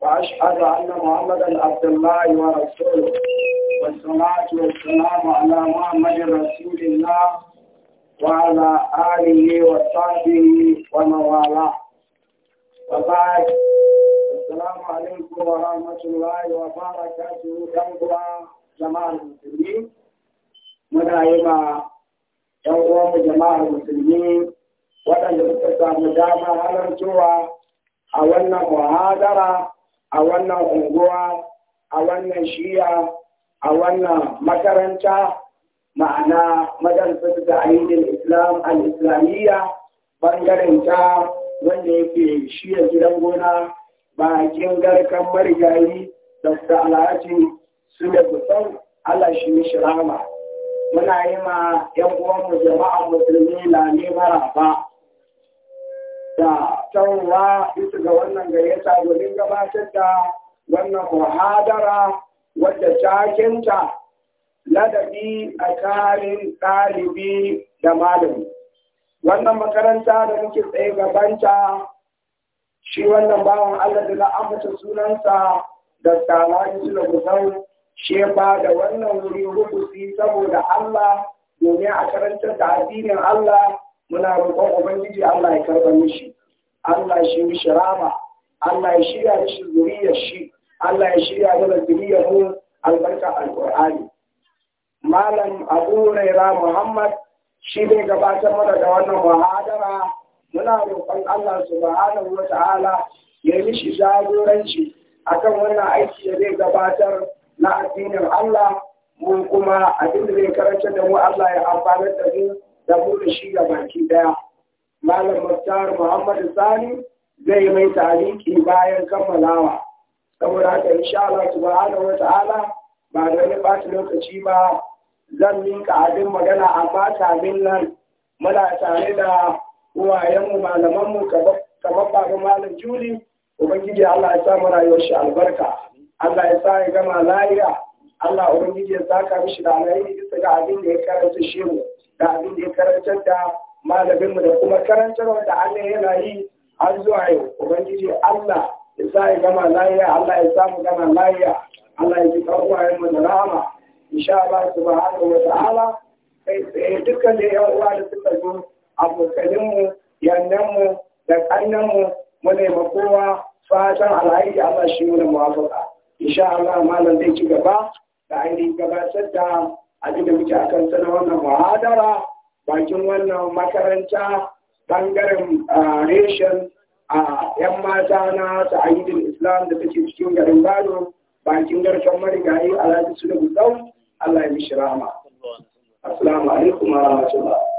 وأشهد أن محمدا عبد الله ورسوله والصلاة والسلام على محمد رسول الله وعلى آله وصحبه ومن والاه وبعد السلام عليكم ورحمة الله وبركاته جمعوا جماعة المسلمين مدائما جمعوا جماعة المسلمين waɗanda suka samu damar halartowa a wannan muhadara a wannan unguwa a wannan shiya a wannan makaranta ma'ana madarsa da ainihin islam al-islamiyya bangaren ta wanda yake shiya gidan gona bakin garkan marigayi da alhaji su da kusan allah shi mishi rama muna yi ma 'yan mu jama'a musulmi nemara ba. da tawowa isa ga wannan gayyata domin gabatar da wannan muhadara wadda cakinta ladabi a tsarin ɗalibi da malami. Wannan makaranta da muke tsaye gabanta shi wannan bawan Allah da na sunansa da tsamani su da kusan shi ba da wannan wuri rubusi saboda Allah domin a karantar da addinin Allah muna roƙon ubangiji Allah ya karɓa mishi Allah ya shi mishi rama Allah ya shirya mishi zuriyar shi Allah ya shirya mana zuriyar mu albarka alqur'ani malam Abu Raira Muhammad shi ne gabatar mana da wannan muhadara muna roƙon Allah subhanahu wa ta'ala ya mishi jagoranci akan wannan aiki da zai gabatar na addinin Allah mu kuma abin da zai karanta da mu Allah ya amfanar da mu da buɗe shi ga baki ɗaya. malam muftar muhammad sani zai mai tariki bayan kammalawa saboda haka insha Allah subhanahu wa ta'ala ba da wani bata lokaci ba zan minka abin magana a bata min nan muna tare da uwayenmu malamanmu kaba babu malam juli ubangiji Allah ya sa mu rayuwar shi albarka Allah ya sa ya gama lafiya Allah Ubangiji ya saka mishi da alayi bisa ga abin da ya karanta shi mu da abin da ya karantar da mu da kuma karantar da Allah yana yi har zuwa yau Ubangiji Allah ya sa ya gama layiya Allah ya sa samu gama layiya Allah ya ji karuwayen mu da rahama insha Allah subhanahu wa ta'ala sai dukkan da yan uwa da suka zo abokanin mu yannan mu da kannan mu mu ne kowa fatan alhaji Allah shi mu da muwafaka insha Allah malam zai ci gaba da ainihin gabatar da abin da muke akan sana wannan muhadara bakin wannan makaranta bangaren reshen a yan mata na sa'idin islam da take cikin garin Bado bakin garken marigayi alhaji su da Allah ya mishi rama. Assalamu alaikum wa rahmatullahi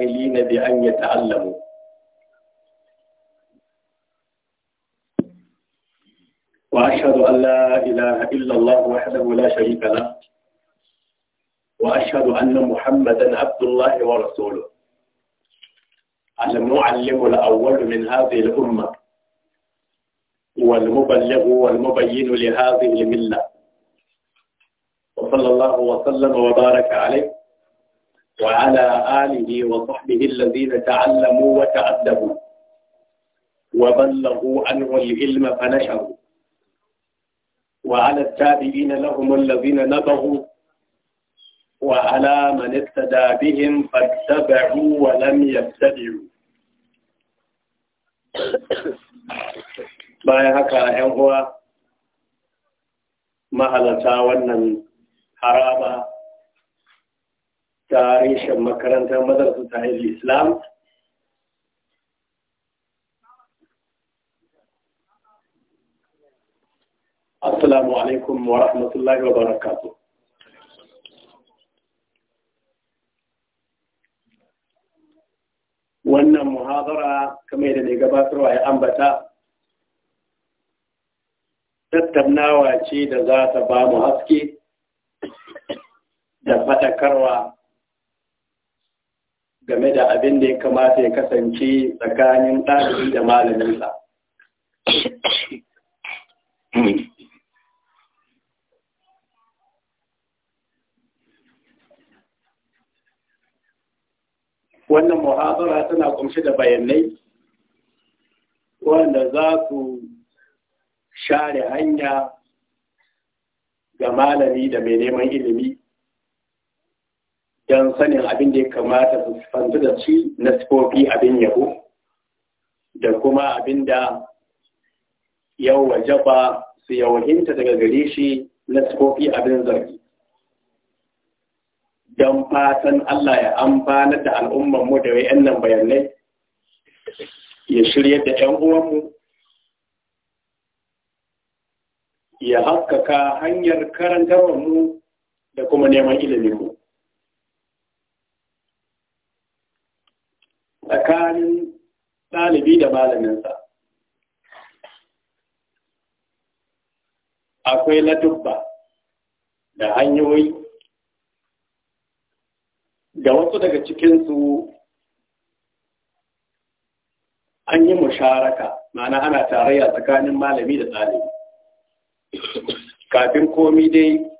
الجاهلين بأن يتعلموا وأشهد أن لا إله إلا الله وحده لا شريك له وأشهد أن محمدا عبد الله ورسوله المعلم الأول من هذه الأمة والمبلغ والمبين لهذه الملة وصلى الله وسلم وبارك عليه وعلى آله وصحبه الذين تعلموا وتعلموا وبلغوا عنه العلم فنشروا وعلى التابعين لهم الذين نبغوا وعلى من اتدى بهم فاتبعوا ولم يبتدعوا bayan هكا ‘yan ما mahalarta wannan ta makarantar madarsu ta islam assalamu alaikum wa rahmatullahi wa barakatu wannan muhazara yadda gabatarwa ya ambata Tattabnawa ce da za ta ba mu haske da faɗakarwa game da abin da ya kamata ya kasance tsakanin ɗalibi da malaminsa. Wannan muhazara tana kumshi da bayanai wanda za su share hanya ga malami da mai neman ilimi don sanin abin da ya kamata su fanta da shi na sifofi abin yabo da kuma abin da yau ba su yawahinta daga gare shi na sifofi abin zargi don fatan Allah ya amfana da al'ummanmu da 'yan bayanai ya shirya da ‘yan uwanmu ya haskaka hanyar mu, da kuma neman ilimin mu. tsakanin ɗalibi da malaminsa akwai ladubba da hanyoyi da wasu daga cikinsu an yi musharaka mana ana tarayya tsakanin malami da ɗalibi kafin komi dai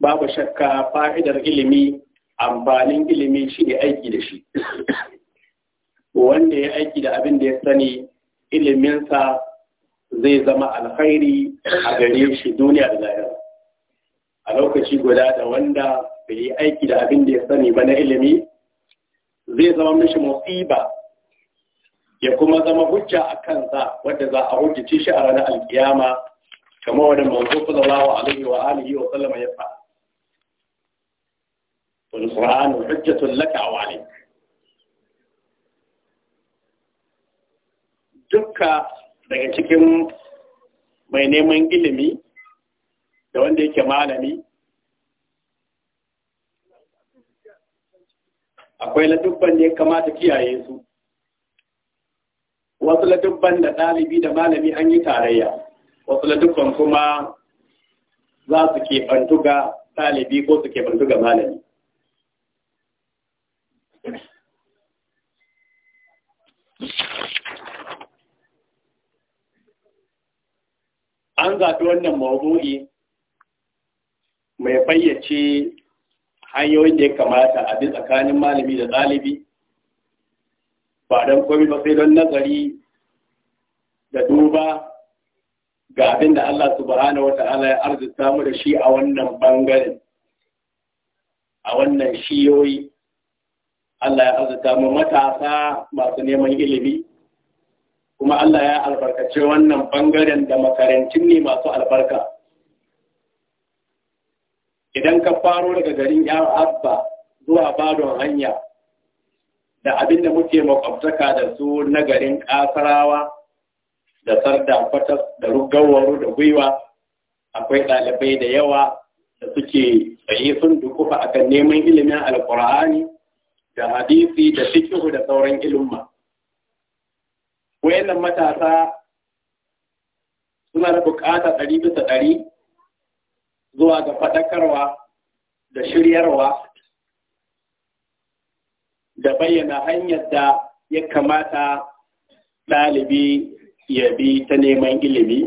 babu shakka fa'idar ilimi amfanin ilimi shi ne aiki da shi wanda ya aiki da abin da ya sani iliminsa zai zama alkhairi a gare shi duniya da lahira a lokaci guda da wanda bai yi aiki da abin da ya sani ba na ilimi zai zama mishi musiba ya kuma zama hujja a kansa wadda za a hujjace shi a ranar alkiyama kamar wadda manzo a alaihi wa alihi wa sallama ya faɗa والقرآن حجة لك أو عليك dukka daga cikin mai neman ilimi da wanda yake malami akwai ladubban da ya kamata kiyaye su wasu ladubban da ɗalibi da malami an yi tarayya wasu ladubban kuma za su keɓantu ga ɗalibi ko su keɓantu ga malami wannan mawdu'i mai fayyace hanyoyin da ya kamata a bi tsakanin malami da ɗalibi ba don komi ba sai don nazari da duba ga abin da Allah subhanahu wata'ala ya arzuta mu da shi a wannan bangaren a wannan shiyoyi Allah ya arzuta mu matasa masu neman ilimi kuma Allah ya albarkace wannan bangaren da makarantun ne masu albarka idan ka faro daga garin yar abba zuwa badon hanya da abin da muke makwabtaka da su na garin ƙasarawa, da sarda fatas da rugawaru da gwiwa akwai ɗalibai da yawa da suke tsaye sun dukufa akan neman ilimin alkur'ani da hadisi da fikihu da sauran ilimma wayannan matasa suna da bukata ɗari bisa ɗari zuwa ga faɗakarwa da shiryarwa da bayyana hanyar da ya kamata ɗalibi ya bi ta neman ilimi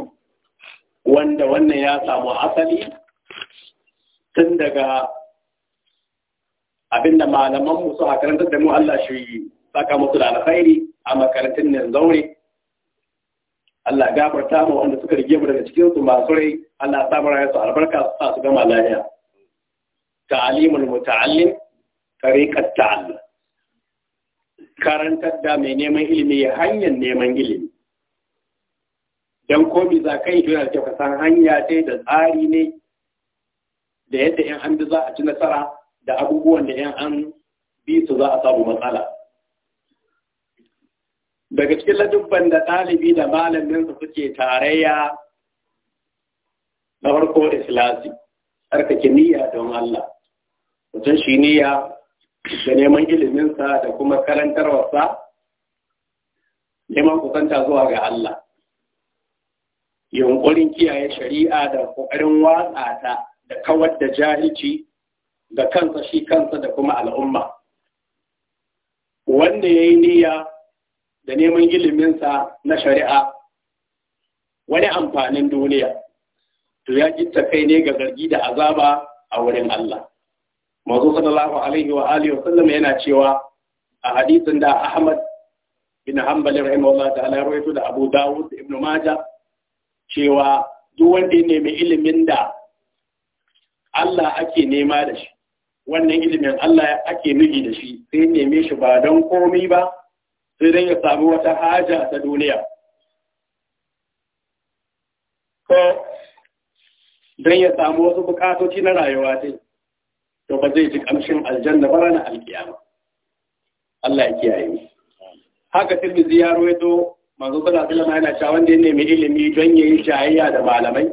wanda wannan ya samu asali tun daga abinda malaman su a karantar da mu Allah shi saka musu da alkhairi a makarantar nan zaure Allah gafarta mu wanda suka rige mu daga cikin su masu rai Allah sa mu su albarka su su gama lafiya ta'alimul muta'allim tariqat ta'allum karantar da mai neman ilimi ya hanyar neman ilimi don komi za kai yi ke da san hanya ce da tsari ne da yadda yan an bi za a ci nasara da abubuwan da yan an bi su za a samu matsala daga cikin ladubban da ɗalibi da malamin su suke tarayya na farko islasi tsarkake niyya don Allah mutum shi niyya da neman iliminsa da kuma karantarwarsa neman kusanta zuwa ga Allah yunkurin kiyaye shari'a da ƙoƙarin watsa ta da kawar da jahilci da kansa shi kansa da kuma al'umma wanda ya yi niyya da neman iliminsa na shari'a wani amfanin duniya to ya gitta kai ne ga zargi da azaba a wurin Allah mazo sallallahu alaihi wa alihi wa sallam yana cewa a hadisin da Ahmad bin Hanbal rahimahullah ta'ala rawaito da Abu Dawud ibn Majah cewa duk wanda ne mai ilimin da Allah ake nema da shi wannan ilimin Allah ake nufi da shi sai neme shi ba don komai ba sai dai ya sami wata haja ta duniya ko don ya sami wasu bukatoci na rayuwa ce to ba zai ji kamshin aljanna ba na alkiyama Allah ya kiyaye mu haka tirmidhi ya rawaito manzo sallallahu alaihi wasallam yana cewa wanda ya nemi ilimi don yayi jayayya da malamai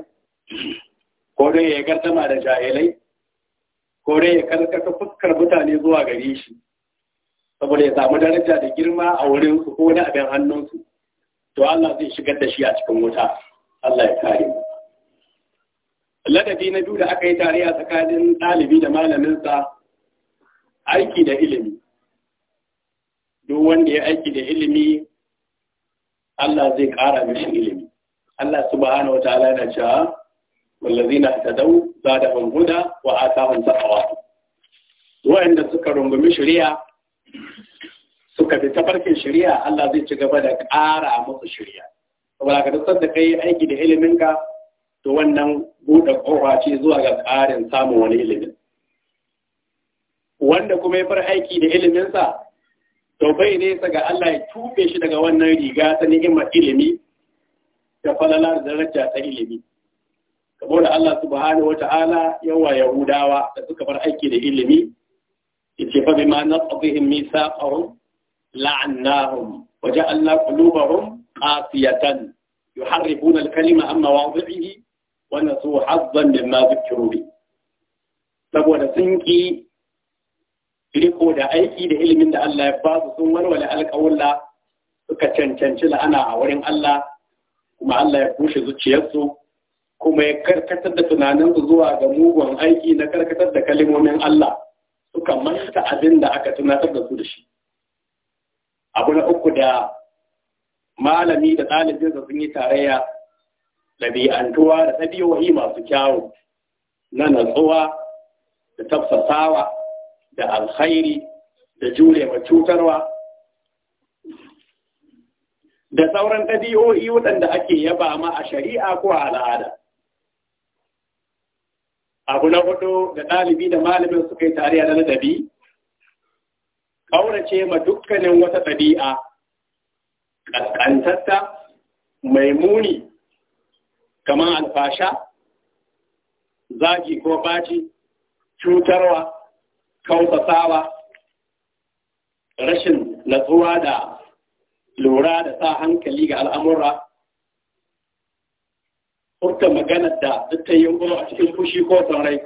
ko don ya gartama da jahilai ko don ya karkata fuskar mutane zuwa gare shi saboda ya samu daraja da girma a wurin su ko na abin hannunsu to Allah zai shigar da shi a cikin wuta Allah ya kare mu ladabi na biyu da aka yi tare a tsakanin ɗalibi da malaminsa aiki da ilimi duk wanda ya aiki da ilimi Allah zai ƙara mishi ilimi Allah subhanahu wataala yana cewa wallazina tadaw zadahum huda wa atahum taqwa wa'anda suka rungumi shari'a suka fi tafarkin shari'a Allah zai ci gaba da ƙara musu shari'a saboda ka dukkan da kai aiki da iliminka to wannan buɗe ƙofa ce zuwa ga ƙarin samun wani ilimin wanda kuma ya fara aiki da iliminsa to bai nesa ga Allah ya tuɓe shi daga wannan riga ta ni'imar ilimi da falala da daraja ta ilimi kamar da Allah subhanahu wata'ala yawa Yahudawa da suka bar aiki da ilimi yace fa bima naqdihim mithaqahum لعناهم وجعلنا قلوبهم قاسية يحرفون الكلمة عن مواضعه ونسوا حظا مما ذكروا به saboda tsinƙi, riko da aiki da ilimin da Allah ya ba su sun walwale alƙawulla suka cancanci la'ana a wurin Allah kuma Allah ya bushe zuciyarsu kuma ya karkatar da tunaninsu zuwa ga mugun aiki na karkatar da kalimomin Allah suka manta abin da aka tunatar da su da shi abu na uku da malami da da sun yi tarayya ɗabi'antuwa da ɗabi'o'i masu kyawu na natsuwa da tafsasawa da alkhairi da jure ma cutarwa da sauran ɗabi'o'i waɗanda ake yaba ma a shari'a ko a al'ada abu na hudu da ɗalibi da malamin su kai tarayya na ladabi aurace ma dukkanin wata ɗabi'a ƙasƙantatta mai muni kamar alfasha zagi ko baci cutarwa kautasawa rashin natsuwa da lura da sa hankali ga al'amura furta maganar da duk ta yi a cikin fushi ko saurai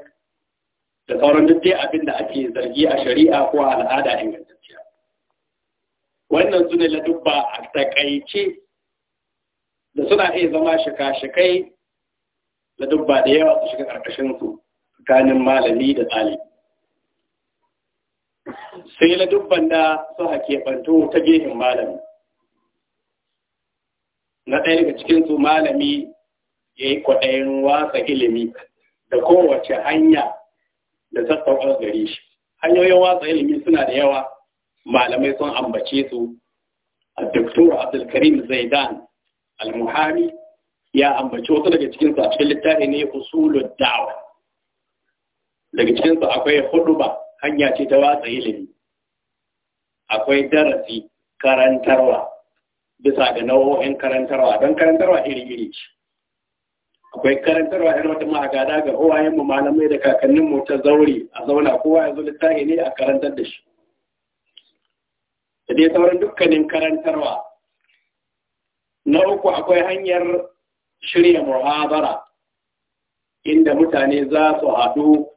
da sauran duk dai abin da ake zargi a shari'a ko al'ada inganta wannan su ne ladubba a takaice da suna iya zama shika-shikai ladubba da yawa su shiga ƙarƙashinsu tsakanin malami da ɗalibi sai ladubban da su banto ta gehen malami na ɗaya daga cikinsu malami ya yi kwaɗayin wasa ilimi da kowace hanya da sassauƙar gare shi hanyoyin watsa ilimi suna da yawa malamai sun ambace su A Dr. Abdulkarim Zaidan al muhami ya ambaci wasu daga su a cikin littafi ne usulul da'wa daga cikinsu akwai huduba hanya ce ta watsa ilimi akwai darasi karantarwa bisa ga nau'o'in karantarwa don karantarwa iri-iri ce akwai karantarwa irin wata ma'agada ga uwayen mu malamai da kakannin mu ta Zaure a zauna kowa ya zo littafi ne a karantar da shi da dai sauran dukkanin karantarwa na uku akwai hanyar shirya muhabara inda mutane za su haɗu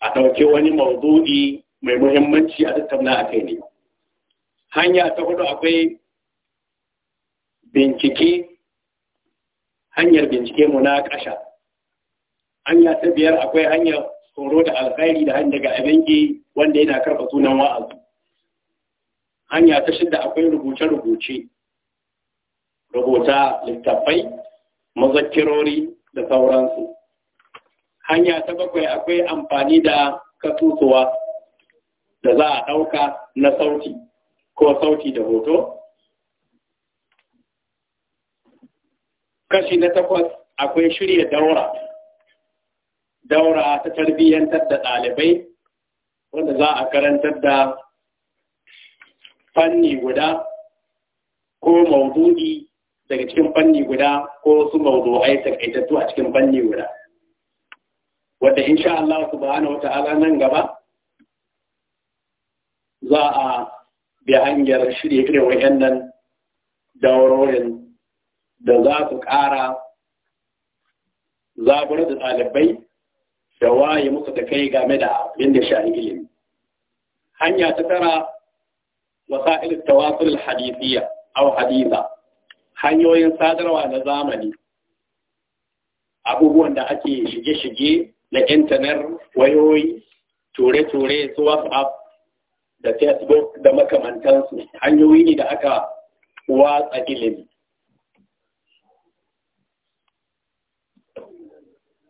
a ɗauke wani mawdu'i mai muhimmanci a tattauna a kai ne hanya ta hudu akwai bincike hanyar bincike ƙasha, hanya ta biyar akwai hanyar tsoro da alkhairi da hanyar daga abinki wanda yana karɓa sunan wa'azi hanya ta shida akwai rubuce-rubuce rubuta littafai, mazakirori da sauransu hanya ta bakwai akwai amfani da kasusuwa da za a ɗauka na sauti ko sauti da hoto kashi na takwas akwai shirya daura daura ta tarbiyyantar da ɗalibai wanda za a karantar da fanni guda ko maudu'i daga cikin fanni guda ko su maudu'ai takaitattu a cikin fanni guda wadda insha Allah su wata ala nan gaba za a bi hanyar shirye irin wayannan daurorin da za su ƙara zaburar da ɗalibai da waye musu da kai game da abin da shahi ilimi hanya ta tara وسائل التواصل الحديثية أو حديثة hanyoyin sadarwa na zamani abubuwan da ake shige-shige na intanet wayoyi ture-ture su whatsapp da facebook da makamantansu hanyoyi ne da aka watsa ilimi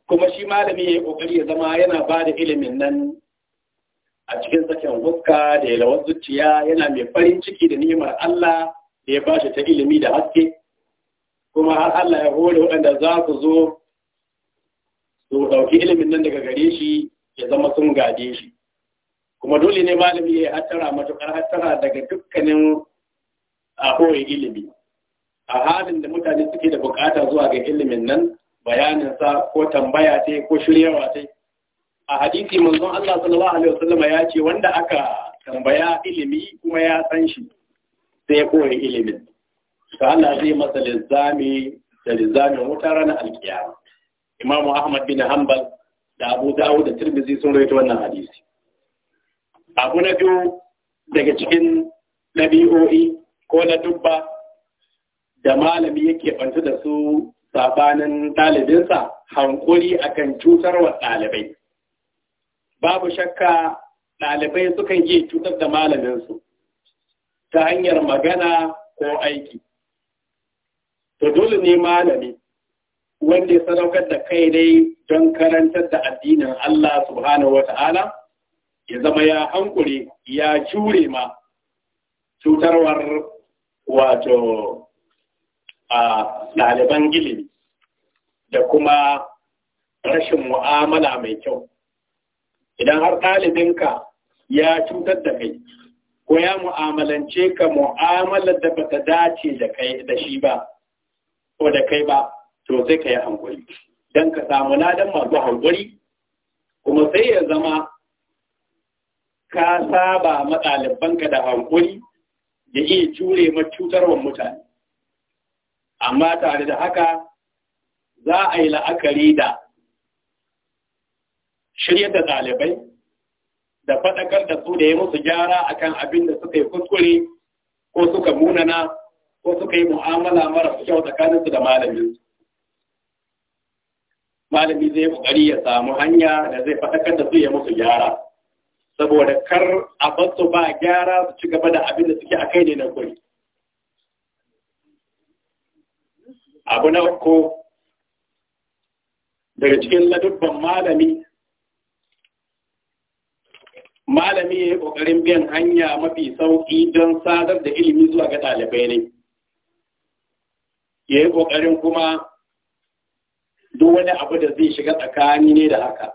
kuma shi malami ya yi ƙoƙari ya zama yana ba da ilimin nan a cikin sakin huska da yalawar zuciya yana mai farin ciki da ni'imar Allah da ya bashi ta ilimi da haske kuma har Allah ya hore waɗanda za su zo su ɗauki ilimin nan daga gare shi ya zama sun gaje shi kuma dole ne malami ya yi hattara matuƙar hattara daga dukkanin a ilimi a halin da mutane suke da bukata zuwa ga ilimin nan bayaninsa ko tambaya ta ko shiryawa ta a hadisi manzon Allah sallallahu alaihi wasallam ya ce wanda aka tambaya ilimi kuma ya san shi sai koyi ilimi. to Allah zai masa lizami da lizamin wuta rana alkiyama Imam Ahmad bin Hanbal da Abu Dawud da Tirmidhi sun rawaito wannan hadisi abu na biyu daga cikin dabi'o'i ko na dubba da malami yake bantu da su sabanin ɗalibinsa hankuri akan cutarwa ɗalibai babu shakka ɗalibai sukan iya cutar da malaminsu ta hanyar magana ko aiki. To dole ne malami wanda ya sadaukar da kai dai don karantar da addinin Allah subhanahu wa ta'ala ya zama ya hankure ya jure ma cutarwar wato a ɗaliban ilimi da kuma rashin mu'amala mai kyau. idan har ɗalibinka ya cutar da kai ko ya mu'amalance ka mu'amalar da bata dace da kai da shi ba ko da kai ba to sai ka yi hankuri don ka samu ladan masu hankuri kuma sai ya zama ka saba matsalibanka da hankuri da iya jure ma cutarwar mutane amma tare da haka za a yi la'akari da shirya da ɗalibai da faɗakar da su da ya musu gyara akan abin da suka yi kuskure ko suka munana ko suka yi mu'amala mara kyau tsakaninsu da malami malami zai kokari ya samu hanya da zai faɗakar da su ya musu gyara saboda kar a basu ba gyara su ci gaba da abin da suke a kai ne na kuri abu na uku daga cikin ladubban malami malami ya yi ƙoƙarin biyan hanya mafi sauƙi don sadar da ilimi zuwa ga ɗalibai ne ya yi ƙoƙarin kuma duk wani abu da zai shiga tsakani ne da haka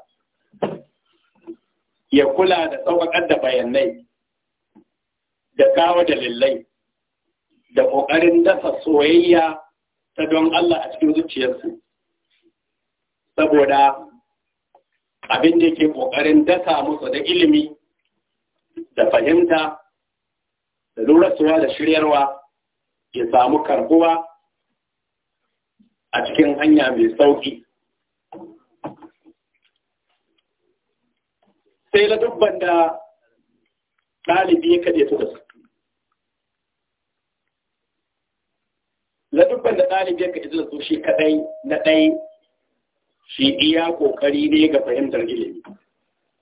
ya kula da sauƙaƙar da bayanai da kawo dalilai da ƙoƙarin dasa soyayya ta don Allah a cikin zuciyarsu saboda abin da ke ƙoƙarin dasa musu da ilimi da fahimta da lurasuwa da shiryarwa ya samu karbuwa a cikin hanya mai sauki sai na dubban da ɗalibi ya kaɗe su da su na da ɗalibi ya kaɗe su da su shi kaɗai na ɗai shi iya ƙoƙari ne ga fahimtar ilimi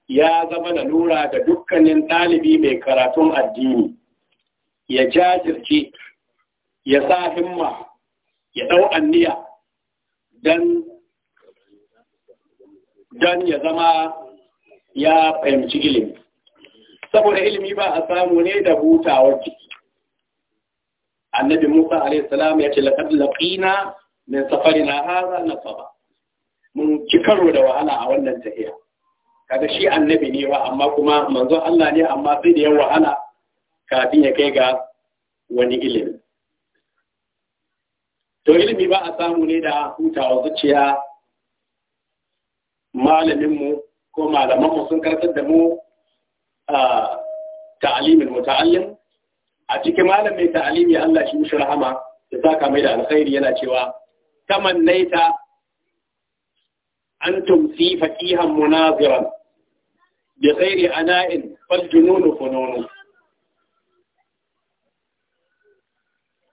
ya zama da lura da dukkanin ɗalibi mai karatun addini ya jajirce ya sa himma ya ɗau anniya don ya zama ya fahimci ilimi saboda ilimi ba a samu ne da hutawar wajen. annabi musa alaihissalam ya ce laƙar laƙina min safari na haza na saba mun ci da wahala a wannan tafiya kaga shi annabi ne ba amma kuma manzon Allah ne amma sai da ya wahala kafin ya kai ga wani ilimi to ilimi ba a samu ne da hutawa zuciya malaminmu ko malamanmu sun karkar da mu a ta'alimin muta'allim a cikin malam mai ta'alimi Allah shi mushi rahama ya saka mai da alkhairi yana cewa tamannaita an tumsi faqihan munaziran bi ghairi ana'in fal jununu fununu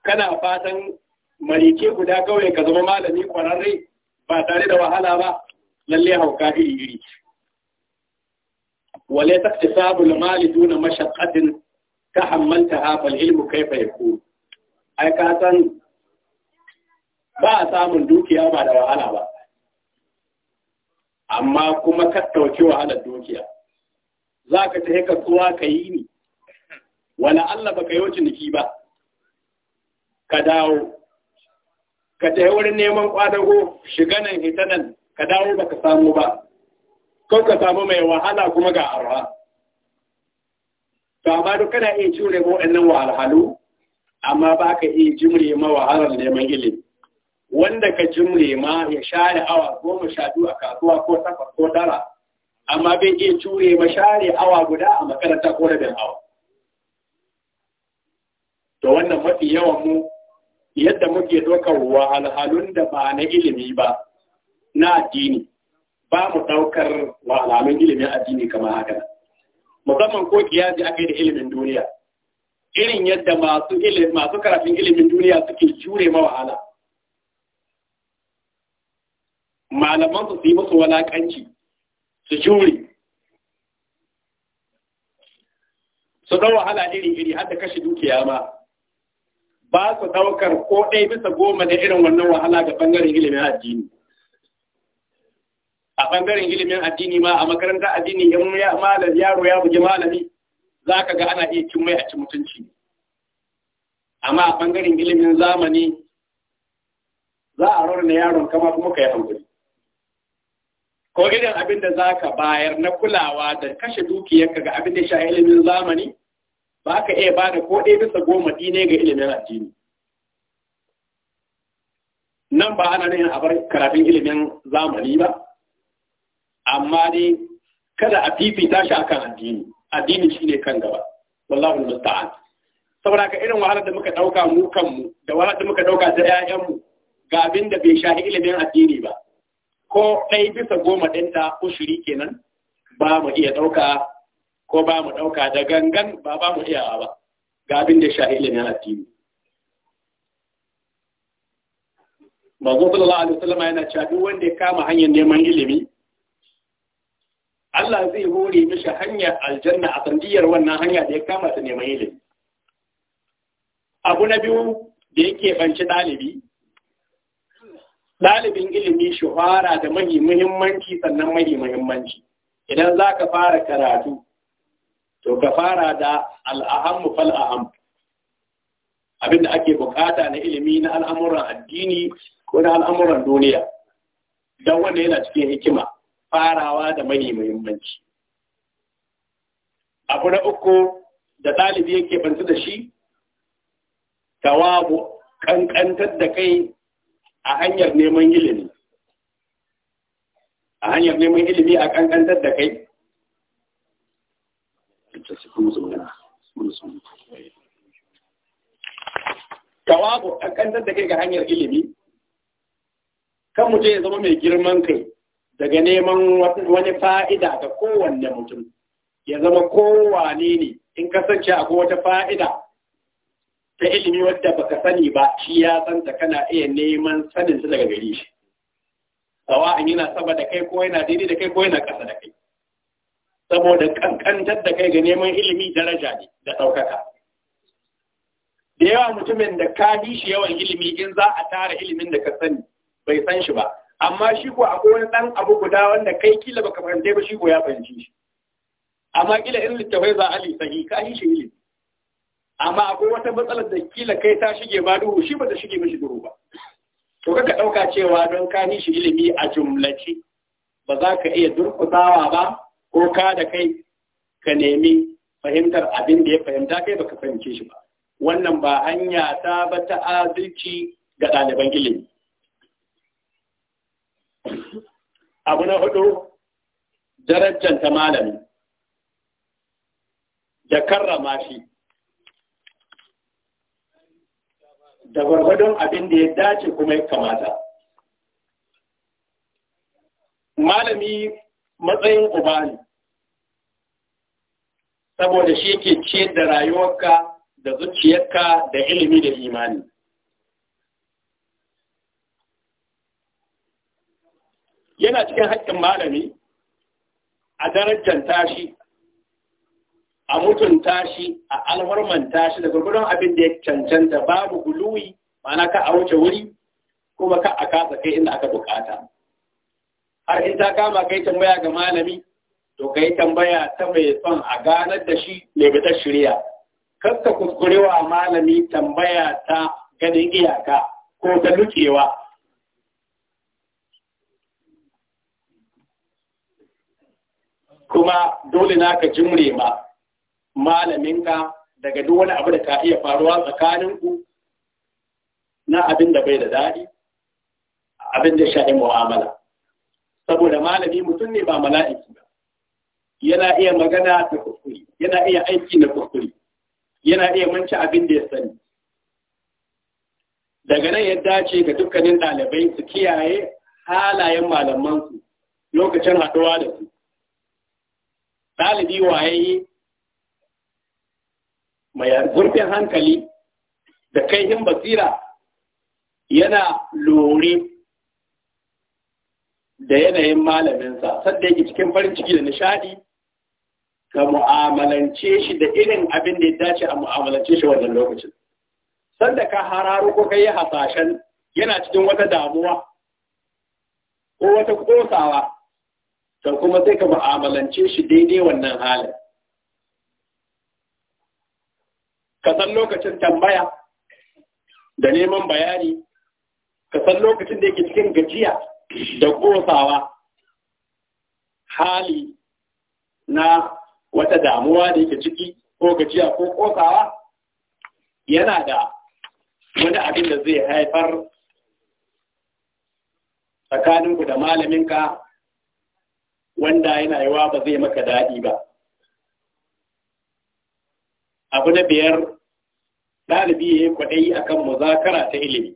kana fatan marike guda kawai ka zama malami kwararre ba tare da wahala ba lalle hauka iri iri wale taktisabul mali duna mashaqqatin tahammaltaha fal ilmu kayfa yakun ai ka san ba a samun dukiya ba da wahala ba amma kuma ka dauki wahalar dukiya za ka ta kasuwa ka yi ni wani Allah ba ka yi ciniki ba ka dawo ka ta wurin neman kwadago shiga nan hita nan ka dawo ba ka samu ba kan ka samu mai wahala kuma ga arha to amma duk kana iya cire ma waɗannan wahalhalu amma ba ka iya jimre ma wahalar neman ilimi wanda ka jimre ma ya share awa goma sha biyu a kasuwa ko takwas ko tara amma bai iya cure mashare awa guda a makaranta ko rabin awa to wannan mafi yawan mu yadda muke ɗaukar wahalhalun da ba na ilimi ba na addini ba mu ɗaukar wahalhalun ilimin addini kamar haka musamman ko kiyasi aka yi da ilimin duniya irin yadda masu masu karatun ilimin duniya suke jure ma wahala malaman su yi musu walakanci su jure su ɗan wahala iri-iri har da kashe dukiya ma ba su ɗaukar ko ɗaya bisa goma da irin wannan wahala ga ɓangaren ilimin addini a ɓangaren ilimin addini ma a makarantar addini ya yaro ya bugi malami za ka ga ana iya cin mai a ci mutunci amma a ɓangaren ilimin zamani za a na yaron kama kuma ka yi hankali ko irin abin da za ka bayar na kulawa da kashe dukiyarka ga abin da sha ilimin zamani ba ka iya ba da ko ɗaya bisa goma dine ga ilimin addini nan ba ana nuna a bar karatun ilimin zamani ba amma dai kada a fifita shi akan addini addini shine kan gaba wallahu musta'an saboda ka irin wahalar da muka ɗauka mu kanmu da wahalar da muka dauka ta 'ya'yanmu, ga abin da bai shahi ilimin addini ba ko ɗai bisa goma ɗinta ushiri kenan ba mu iya ɗauka ko ba mu ɗauka da gangan ba ba mu iya ba ga abin da shahi ilimin addini manzo sallallahu alaihi wasallam yana cewa duk wanda ya kama hanyar neman ilimi Allah zai hore mishi hanyar aljanna a sandiyar wannan hanya da ya kama ta neman ilimi abu na biyu da yake banci ɗalibi ɗalibin ilimi shi da mahi muhimmanci sannan mahi muhimmanci idan za ka fara karatu to ka fara da al'aham fal aham abin da ake bukata na ilimi na al'amuran addini ko na al'amuran duniya don wanda yana cikin hikima farawa da mahi muhimmanci abu na uku da ɗalibi yake bantu da shi tawabu ƙanƙantar da kai a hanyar neman ilimi a hanyar neman ilimi a kankantar da kai a kankantar da kai ga hanyar ilimi kan mutum ya zama mai girman kai daga neman wani fa'ida ga kowanne mutum ya zama kowane ne in kasance a wata fa'ida ta ilimi wadda baka sani ba shi ya san ta kana iya neman sanin ta daga gare shi sawa'in yana sama da kai ko yana daidai da kai ko yana ƙasa da kai saboda kankantar da kai ga neman ilimi daraja ne da ɗaukaka da yawa mutumin da ka bi shi yawan ilimi in za a tara ilimin da ka sani bai san shi ba amma shi ko akwai wani ɗan abu guda wanda kai kila baka fahimta ba shi ko ya fahimci shi amma kila irin littafai za a lissahi ka yi shi ilimi amma akwai wata matsalar da kila kai ta shige ba duhu shi ba ta shige mishi duhu ba to kaka ɗauka cewa don ka shi ilimi a jumlaci ba za ka iya durkusawa ba ko ka da kai ka nemi fahimtar abin da ya fahimta kai baka fahimce shi ba wannan ba hanya ta ba ta adalci ga ɗaliban ilimi abu na hudu darajanta malami da karrama shi da gwargwadon abin da ya dace kuma ya kamata malami matsayin uba ne saboda shi yake ce da rayuwarka da zuciyarka da ilimi da imani yana cikin haƙƙin malami a darajar tashi a mutunta shi a alhormanta shi da gurgurun abin da ya cancanta babu guluwi ma'ana ka a wuce wuri kuma ka a kasa kai inda aka bukata har in ta kama kai tambaya ga malami to kai tambaya ta mai son a ganar da shi mai bita shirya ka kuskurewa malami tambaya ta ganin iyaka ko ta lukewa kuma dole na ka jimre ma malaminka daga duk wani abu da ka iya faruwa tsakaninku na abin da bai da daɗi abin da sha'i mu'amala saboda malami mutum ne ba mala'iki ba yana iya magana da kuskure yana iya aiki da kuskure yana iya manci abin da ya sani daga nan ya dace ga dukkanin ɗalibai su kiyaye halayen malamansu lokacin haɗuwa da su ɗalibi waye mai zurfin hankali da kaihin basira yana lori da yanayin malaminsa sadda yake cikin farin ciki da nishadi ka mu'amalance shi da irin abin da ya dace a mu'amalance shi wannan lokacin sadda ka hararo ko kai hasashen yana cikin wata damuwa ko wata kosawa ka kuma sai ka mu'amalance shi daidai wannan halin ka san lokacin tambaya da neman bayani ka san lokacin da yake cikin gajiya da ƙosawa. hali na wata damuwa da yake ciki ko gajiya ko kosawa yana da wani abin da zai haifar tsakaninku da malaminka wanda yana yawa ba zai maka daɗi ba abu na biyar ɗalibi ya yi kwaɗayi a kan muzakara ta ilimi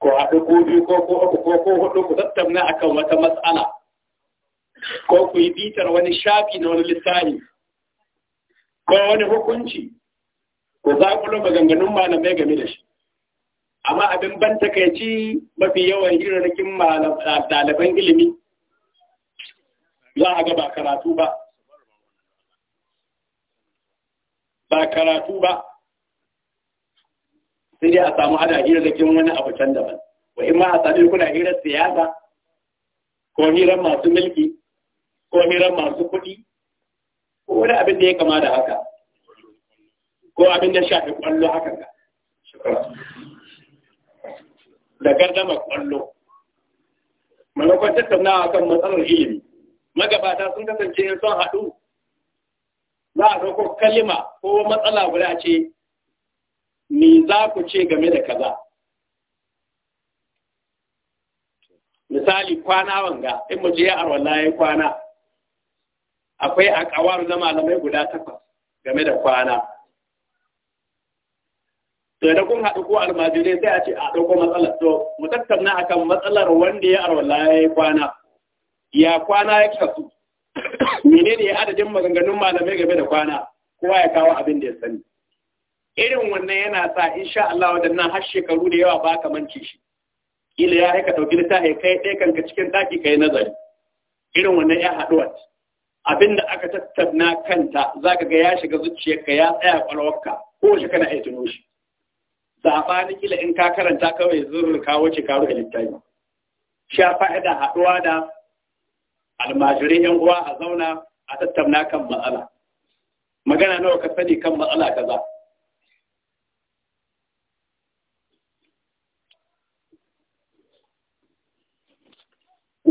ko haɗu ko biyu ko ko uku ko ko huɗu ku tattauna a kan wata matsala ko ku yi bitar wani shafi na wani lissafi ko wani hukunci ku zaƙulo ganganun malamai game da shi amma abin ban takaici mafi yawan hirarrakin ɗaliban ilimi za a ga ba karatu ba ba karatu ba sai dai a samu ana hirarrakin wani abu can daban wa in ma a sami kuna hirar siyasa ko hirar masu mulki ko hirar masu kuɗi ko wani abin da ya kama da haka ko abin da shafi kwallo hakan ga da gardama kwallo maimakon tattaunawa kan matsalar ilimi magabata sun kasance son haɗu za a ɗauko kalima ko matsala guda ce me za ku ce game da kaza misali kwana wanga in mu je a wallahi kwana akwai akawar na malamai guda takwas game da kwana to da kun haɗu ko almajirai sai a ce a ɗauko matsalar to mu tattauna akan matsalar wanda ya arwala ya yi kwana ya kwana ya kasu menene ya adadin maganganun malamai game da kwana kowa ya kawo abin da ya sani irin wannan yana sa insha Allah wadannan har shekaru da yawa ba ka manci shi kila ya haika ta ya kai ɗaya kanka cikin ɗaki ka yi nazari irin wannan ya haɗuwa abinda aka tattauna kanta za ka ga ya shiga zuciyarka ya tsaya ƙwarwarka ko shi kana iya tuno shi saɓanin kila in ka karanta kawai ka wuce karu a littafi sha fa'ida haɗuwa da almajirai yan uwa a zauna a tattauna kan matsala magana nawa ka sani kan matsala kaza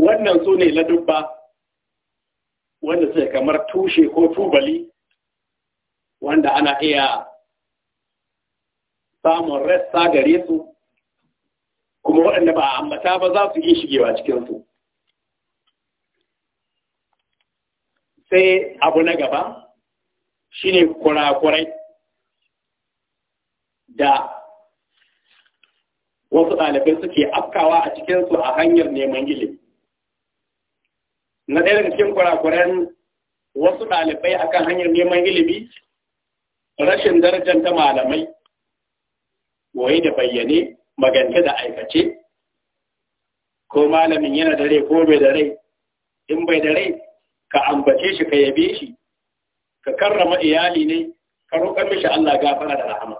wannan su ne ladubba wanda suke kamar tushe ko tubali wanda ana iya samun rasta gare su kuma waɗanda ba a ambata ba za su yi shigewa cikinsu sai abu na gaba shine kurakurai da wasu ɗalibai suke afkawa a cikinsu a hanyar neman ilimi na ɗaya daga cikin kurakuren wasu ɗalibai akan hanyar neman ilimi rashin darajar ta malamai waye da bayyane magance da aikace ko malamin yana da rai ko bai da rai in bai da rai ka ambace shi ka yabe shi ka karrama iyali ne ka roƙar mishi Allah gafara da rahama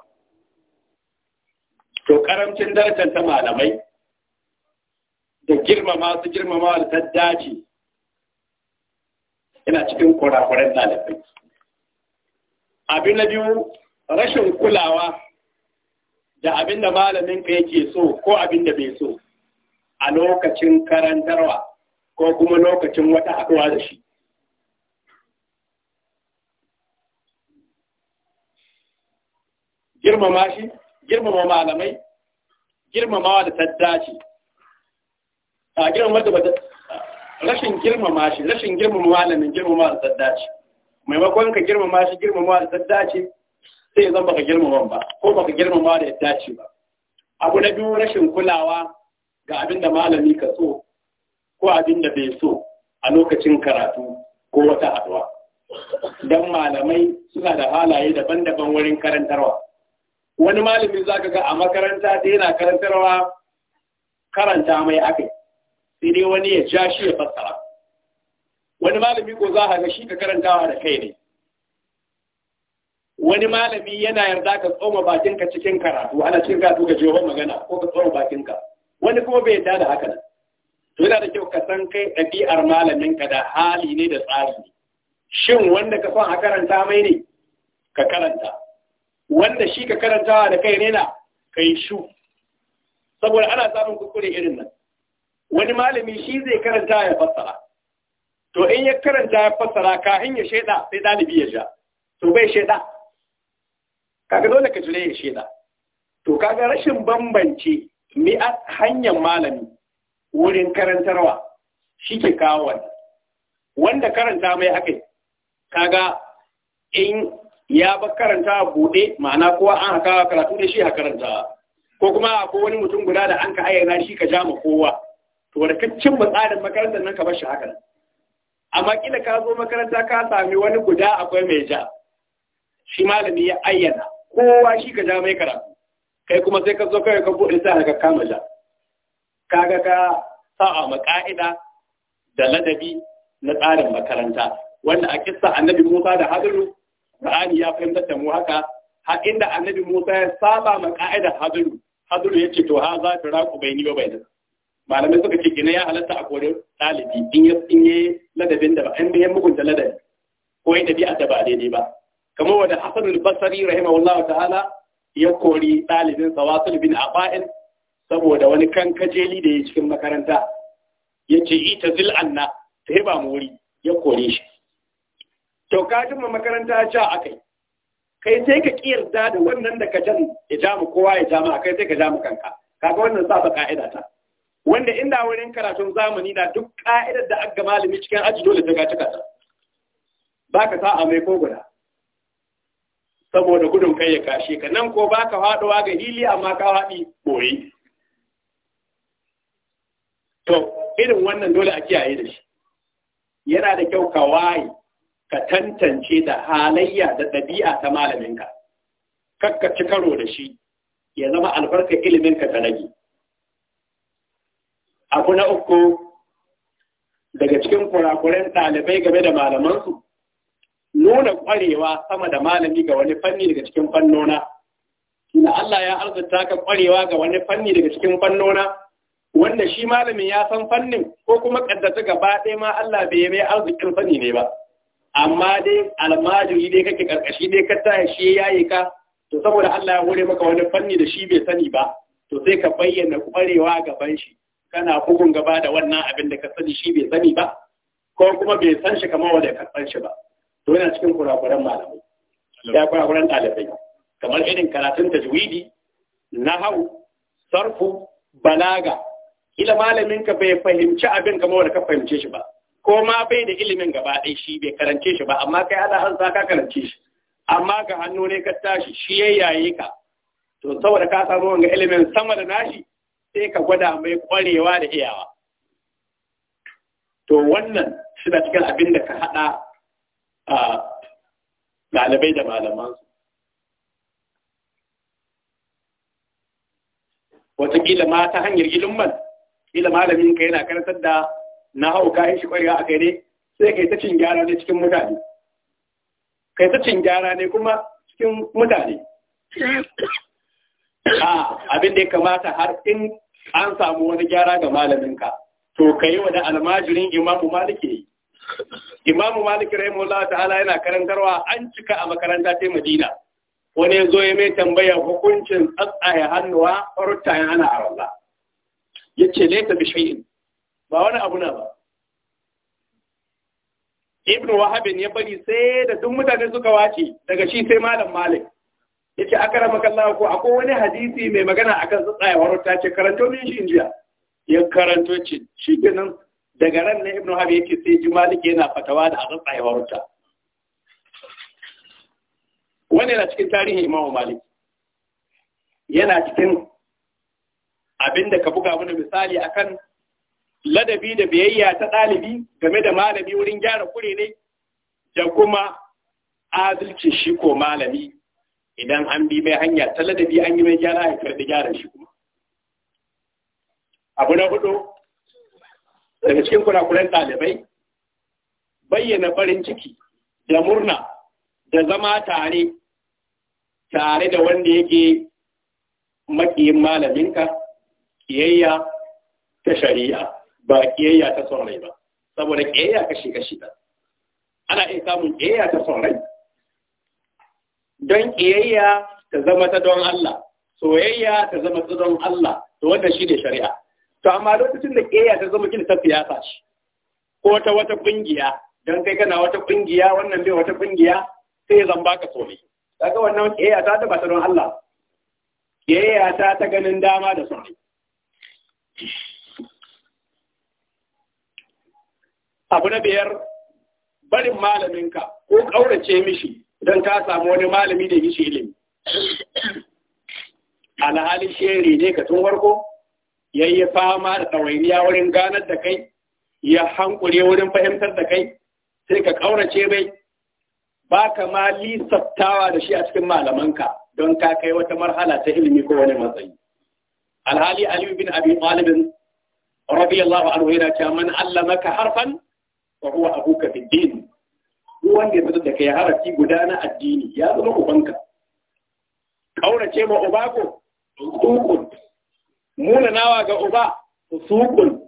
to karamcin darajar ta malamai da girmama su girmama da ta dace yana cikin kurakuren dalibai. abin na biyu rashin kulawa da abin da malamin ka yake so ko abin da bai so a lokacin karantarwa ko kuma lokacin wata haɗuwa da shi girmama shi girmama malamai girmamawa da ta dace a girmama da rashin girmama shi rashin girmama malamin girmama da ce maimakon ka girmama shi girmama da saddaci sai zan baka girmama ba ko baka girmama da yadda ba abu na biyu rashin kulawa ga abin da malami ka so ko abin da bai so a lokacin karatu ko wata addu'a dan malamai suna da halaye daban-daban wurin karantarwa wani malami za ka ga a makaranta da yana karantarwa karanta mai akai sai dai wani ya ja shi ya fassara wani malami ko za ka ga shi ka karantawa da kai ne wani malami yana yarda ka tsoma bakinka cikin karatu ana cikin karatu ga jiwa magana ko ka tsoma bakinka wani kuma bai yarda da haka to yana da kyau ka san kai ɗabi'ar malaminka da hali ne da tsari shin wanda ka son a karanta mai ne ka karanta wanda shi ka karantawa da kai ne na kai shu saboda ana samun kuskure irin nan wani malami shi zai karanta ya fassara to in ya karanta ya fassara ka ya sheda sai dalibi ya ja to bai sheda kaga dole ka jure ya sheda to kaga rashin bambance mi hanyar malami wurin karantarwa shi ke kawo wanda karanta mai Ka kaga in ya ba karanta bude ma'ana kowa an haka karatu da shi a karanta ko kuma ko wani mutum guda da an ka ayyana shi ka ja ma kowa to warkaccen matsarin makarantar nan ka bar shi haka amma kila ka zo makaranta ka sami wani guda akwai mai ja shi malami ya ayyana kowa shi ka ja mai karatu kai kuma sai ka zo kai ka buɗe sa ka kama ja kaga ka sa'a ma maka'ida da ladabi na tsarin makaranta wanda a kissa annabi Musa da hadru Qur'ani ya fahimtar da mu haka har inda annabi Musa ya saba ma ka'idar hadru Hadiru yace to ha za ta raku bai ni ba bai malamai suka ce kenan ya halatta a kore ɗalibi in ya tsinye ladabin da ba an biyan mugunta ladabi ko da ɗabi'a da ba daidai ba kamar wanda al basari rahimahullah ta'ala ya kori ɗalibin sawasul bin aba'in saboda wani kankajeli da ya cikin makaranta ya ce ita na, ta heba wuri ya kore shi to ka jima makaranta ja akai. kai kai sai ka kiyarta da wannan da ka jan ya ja mu kowa ya ja mu kai sai ka ja mu kanka kaga wannan sa ba ka'ida ta wanda inda wurin karatun zamani na duk ka'idar da aka malami cikin aji dole ta gaci kasa ba ka a mai ko guda saboda gudun kai ya kashe ka nan ko ba ka haɗuwa ga hili amma ka haɗi ɓoye to irin wannan dole a kiyaye da shi yana da kyau ka waye ka tantance da halayya da ɗabi'a ta malaminka kakka ci karo da shi ya zama albarkar ka ta rage abu na uku daga cikin kurakuren ɗalibai game da malamansu nuna ƙwarewa sama da malami ga wani fanni daga cikin fannona Ina Allah ya arzuta ka ƙwarewa ga wani fanni daga cikin fannona wanda shi malamin ya san fannin ko kuma ƙaddata gaba ɗaya ma Allah bai mai arzikin fanni ne ba amma dai almajiri dai kake karkashi dai ka tashi shi yayi ka to saboda Allah ya hore maka wani fanni da shi bai sani ba to sai ka bayyana ƙwarewa gaban shi kana hukun gaba da wannan abin da ka sani shi bai sani ba ko kuma bai san shi kamar wanda ka san shi ba to yana cikin kurakuran malamai ya kurakuran ɗalibai kamar irin karatun tajwidi nahau sarfu balaga ila malamin ka bai fahimci abin kamar wanda ka fahimce shi ba ko ma bai da ilimin gaba ɗaya shi bai karance shi ba amma kai ala hansa ka karance shi amma ga hannu ne ka tashi shi yayaye ka to saboda ka samu wanga ilimin sama da nashi sai ka gwada mai kwarewa da iyawa to wannan suna cikin abin da ka haɗa a ɗalibai da malamansu wataƙila ma ta hanyar gidan ƙila malamin ka yana karantar da na hau kayan shi kwarewa a gare sai sai kai ta cin gyara ne cikin mutane yi ta cin gyara ne kuma cikin mutane a abin da ya kamata har in an samu wani gyara ga malaminka to ka yi wani almajirin imamu maliki ne imamu maliki rahimahullah ta'ala yana karantarwa an cika a makaranta ta madina wani ya zo ya mai tambaya hukuncin tsatsaye hannuwa farutta ya hana arwallah ya ce laita bishayin ba wani abu na ba ibn wahabin ya bari sai da duk mutane suka wace daga shi sai malam malik yace akara Allah ko akwai wani hadisi mai magana akan tsayawar ta ce karanto min shi injiya ya karanto ce shi daga ran na ibnu habi yake sai ji maliki yana fatawa da akan tsayawar ta wani na cikin tarihi imamu malik yana cikin abinda ka buga mana misali akan ladabi da biyayya ta ɗalibi game da malami wurin gyara kure ne da kuma adalci shi ko malami idan an bi mai hanya ta ladabi an yi mai gyara ya karɓi gyaran shi kuma abu na hudu daga cikin kurakuran ɗalibai bayyana farin ciki da murna da zama tare tare da wanda yake makiyin malaminka kiyayya ta shari'a ba kiyayya ta son ba saboda kiyayya kashi kashi ba. ana iya samun kiyayya ta son don ƙiyayya ta zama ta don Allah soyayya ta zama ta don Allah to wannan shi ne shari'a to amma lokacin da ƙiyayya ta zama gina ta siyasa ce ko ta wata ƙungiya don kai kana wata ƙungiya wannan bai wata ƙungiya sai ya zamba ka soyayya Daga wannan ƙiyayya ta ta ta don Allah ƙiyayya ta ta ganin dama da sauri abu na biyar barin malaminka ko ƙaurace mishi don ta samu wani malami da mishi ilimi alhali sheri ne ka tun warko ya yi fama da tsawainiya wurin ganar da kai ya hankure wurin fahimtar da kai sai ka ƙaurace bai ba ka ma lisaftawa da shi a cikin malamanka don ka kai wata marhala ta ilimi ko wani matsayi alhali aliyu bin abi talibin radiyallahu anhu yana cewa man ka harfan wa huwa abuka fi din duk wanda ya fitar da kai harafi guda na addini ya zama ubanka ce ma uba ko sukun muna nawa ga uba sukun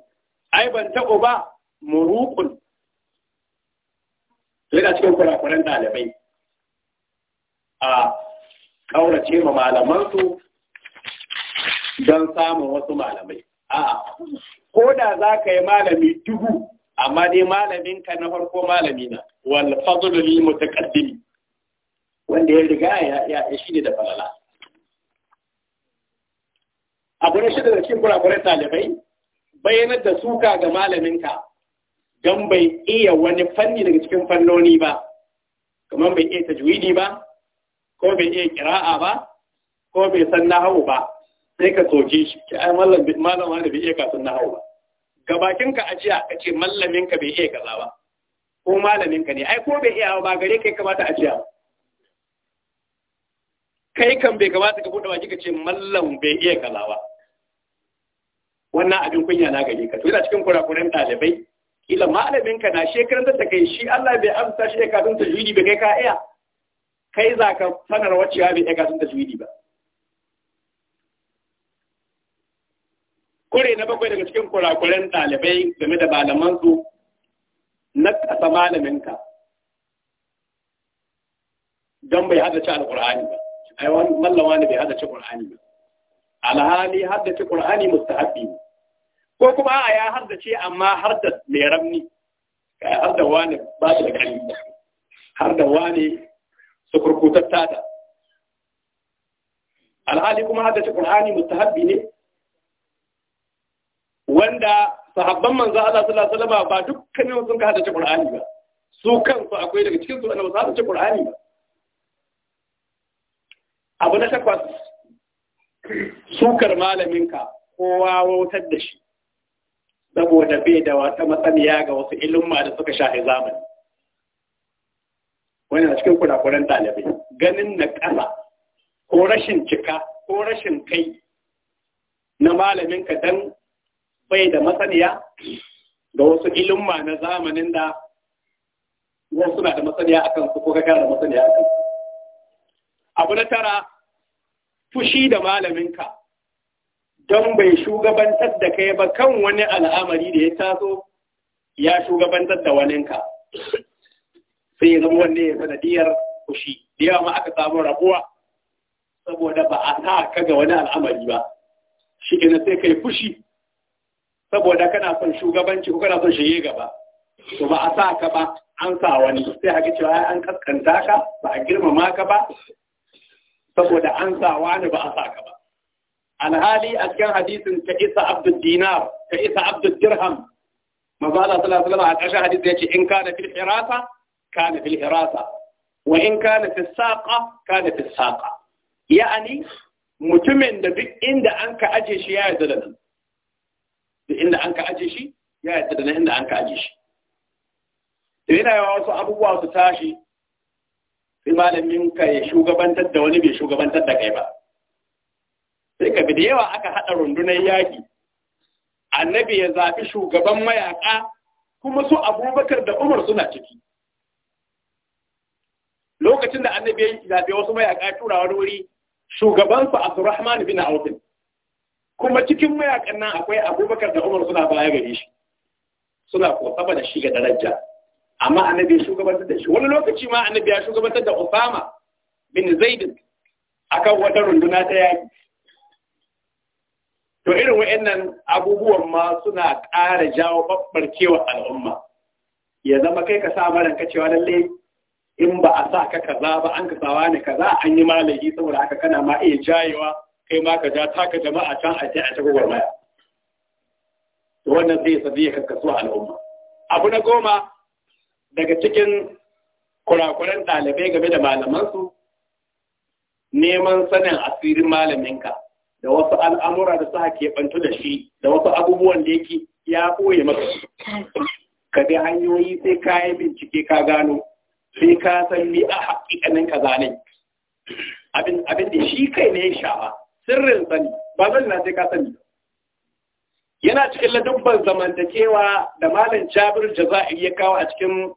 ta uba murukun yana cikin kurakuran ɗalibai a ce ma malamansu don samun wasu malamai. a'a. ko da za ka yi malami dubu amma dai malaminka na farko malami na wal fadlu lil mutaqaddim wanda ya riga ya ya shi ne da balala. abun shi da cikin kurakurai talibai bayyanar da suka ga malamin ka don bai iya wani fanni daga cikin fannoni ba kamar bai iya tajwidi ba ko bai iya kira'a ba ko bai san nahawu ba sai ka soke shi ki ai malam malama da bai iya kasan nahawu ba ga bakinka ajiya ka ce mallaminka bai iya kaza ba ko malaminka ne ai ko bai iya ba gare kai kamata ajiya kai kan bai kamata ka buɗe baki ka ce mallam bai iya kaza ba wannan abin kunya na gare ka to ina cikin kurakuren ɗalibai kila malaminka na shekaran da ta kai shi Allah bai amsa shi da kafin tajwidi bai kai ka iya kai za ka sanar wacewa bai iya kafin tajwidi ba kure na bakwai daga cikin kurakuren ɗalibai game da malamansu na ƙasa malaminka don bai haddace alƙur'ani ba ai wani mallawa ne bai haddace ƙur'ani ba alhali haddace ƙur'ani mustahabbi ne ko kuma a ya haddace amma har mai ramni kai har ne, wani ba su da kari har da wani su kurkutatta da alhali kuma haddace ƙur'ani mustahabbi ne wanda sahabban manzo Allah sallallahu alaihi wasallam ba dukkanin sun ka hadace Qur'ani ba su kansu akwai daga cikin su annabawa ba su hadace Qur'ani ba abu na takwas sukar malaminka kowa wautar da shi saboda bai da wata matsaniya ga wasu ilimma da suka shahi zamani wani a cikin kurakuran ɗalibai ganin na ƙasa ko rashin cika ko rashin kai na malaminka don bai da masaniya ga wasu ilimma na zamanin da wasu na da masaniya a kansu ko kakar da masaniya a kansu. Abu na tara, fushi da malaminka don bai shugabantar da kai ba kan wani al'amari da ya taso ya shugabantar da waninka. Sai ya zama wanne ya sanadiyar fushi, da yawa ma aka samu rabuwa saboda ba a sa ka ga wani al'amari ba. Shi sai kai fushi saboda kana son shugabanci ko kana son shige gaba to ba a sa ka ba an sa wani sai haka cewa an kaskanta ka ba a girmama ka ba saboda an sa wani ba a sa ka ba alhali a cikin hadisin ta isa abdul dinar ta isa abdul dirham manzo Allah sallallahu alaihi wasallam a ƙarshen hadisi yace in kana fil hirasa kana fil hirasa wa in kana fil saqa kana fil saqa ya'ani mutumin da duk inda an ka aje shi ya yi da da inda an ka aje shi ya yadda da na inda an ka aje shi Da yana yawa wasu abubuwa su tashi sai malamin ka ya shugabantar da wani bai shugabantar da kai ba sai ka da yawa aka haɗa rundunar yaƙi annabi ya zaɓi shugaban mayaka, kuma su abubakar da umar suna ciki lokacin da annabi ya zaɓi wasu mayaka tura wani wuri shugabansu abdurrahman bin aufin kuma cikin mayakan nan akwai abubakar da umar suna baya gare shi suna ko saba da shi ga daraja amma annabi shugabantar da shi wani lokaci ma annabi ya shugabantar da usama bin zaid akan wata runduna ta yaki to irin waɗannan abubuwan ma suna ƙara jawo kewa al'umma ya zama kai ka sa ranka cewa lalle? in ba a sa ka kaza ba an ka sawa ne kaza an yi malayi saboda haka kana ma iya jayewa kai ma ka ja taka jama'a can a ce a ta gwagwarmaya wannan zai sabi ya karkasu a al'umma abu na goma daga cikin kurakuran ɗalibai game da malamansu neman sanin asirin malaminka da wasu al'amura da suka keɓantu da shi da wasu abubuwan da yake ya ɓoye maka ka bi hanyoyi sai ka yi bincike ka gano sai ka san ni a haƙiƙanin ka zane abin da shi kai ne ya shafa sirrin sani ba zan na sai ka sani yana cikin ladubban zamantakewa da malam jabir jaza'ir ya kawo a cikin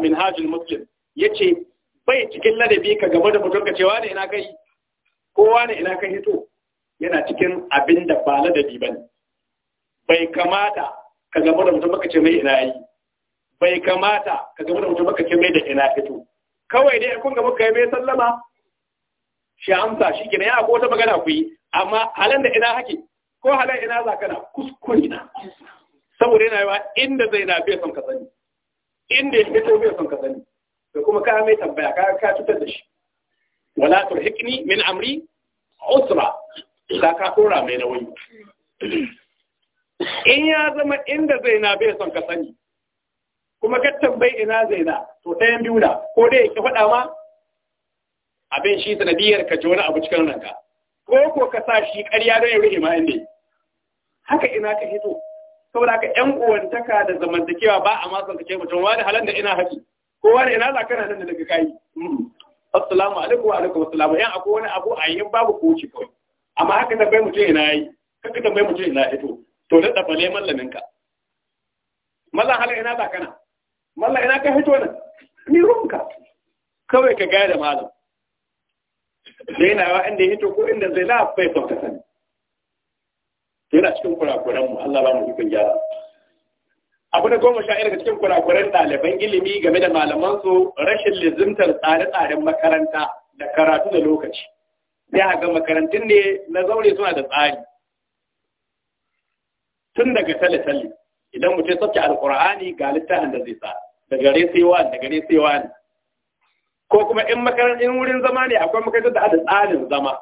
minhajul muslim yace bai cikin ladabi ka gaba da mutum ka cewa ne ina kai kowa ne ina kai hito yana cikin abin da ba ladabi bane bai kamata ka gaba da mutum ka ce mai ina yi bai kamata ka gaba da mutum ka ce mai da ina fito kawai dai kun muka kai mai sallama shi amsa shi kenan ya ko ta magana ku yi amma halan da ina hake ko halan ina za kana kuskure na saboda yana yawa inda zai na bai son ka sani inda ya fito bai son ka sani da kuma ka mai tambaya ka ka tutar da shi wala turhiqni min amri usra da ka kora mai nauyi in ya zama inda zai na bai son ka sani kuma ka tambayi ina zai na to yan biyu na ko dai ya faɗa ma abin shi sanadiyar ka ji wani abu cikin ranka ko ko ka sa shi ƙarya don ya rufe ma inda haka ina ka hito saboda ka ƴan uwantaka da zamantakewa ba a masan ka ce mutum wani halan da ina haƙi ko wani ina za ka nan da daga kai hmm. assalamu alaikum wa alaikum assalamu yan akwai wani abu a yin babu ko ci kawai amma haka bai mutum ina yi kaka bai mutum ina hito to da dafale mallamin ka mallan halan ina za kana mallan ina ka hito nan ni ka kawai ka gaya da malam zainawa inda ya hito ko inda zaina bai son ka sani yana cikin kurakuran mu Allah ba mu hukun gyara abu da goma sha'ir daga cikin kurakuran ɗaliban ilimi game da malaman su rashin lizimtar tsare-tsaren makaranta da karatu da lokaci sai a ga makarantun ne na zaure suna da tsari tun daga tale-tale idan mutum sauke alkur'ani ga littafin da zai sa da gare sai wani da gare sai wani ko kuma in makarantar wurin zama ne akwai makarantar da ada tsarin zama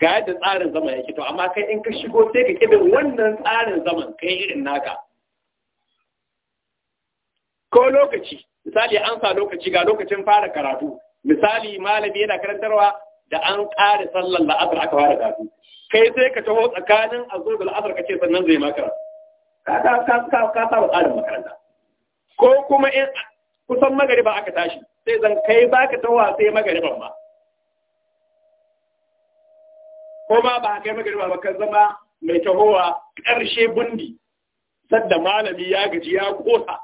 ga yadda tsarin zama ya to amma kai in ka shigo sai ka kebe wannan tsarin zaman kai irin naka ko lokaci misali an sa lokaci ga lokacin fara karatu misali malami yana karantarwa da an ƙara da la'asar aka fara karatu kai sai ka taho tsakanin a zo da la'asar ka ce sannan zai makara ka ka ka ka tsarin makaranta ko kuma in kusan magari ba aka tashi sai zan kai ba ka tawa sai magariban ba ko ma ba kai magariba ba kan zama mai tahowa ƙarshe bundi sadda malami ya gaji ya kosa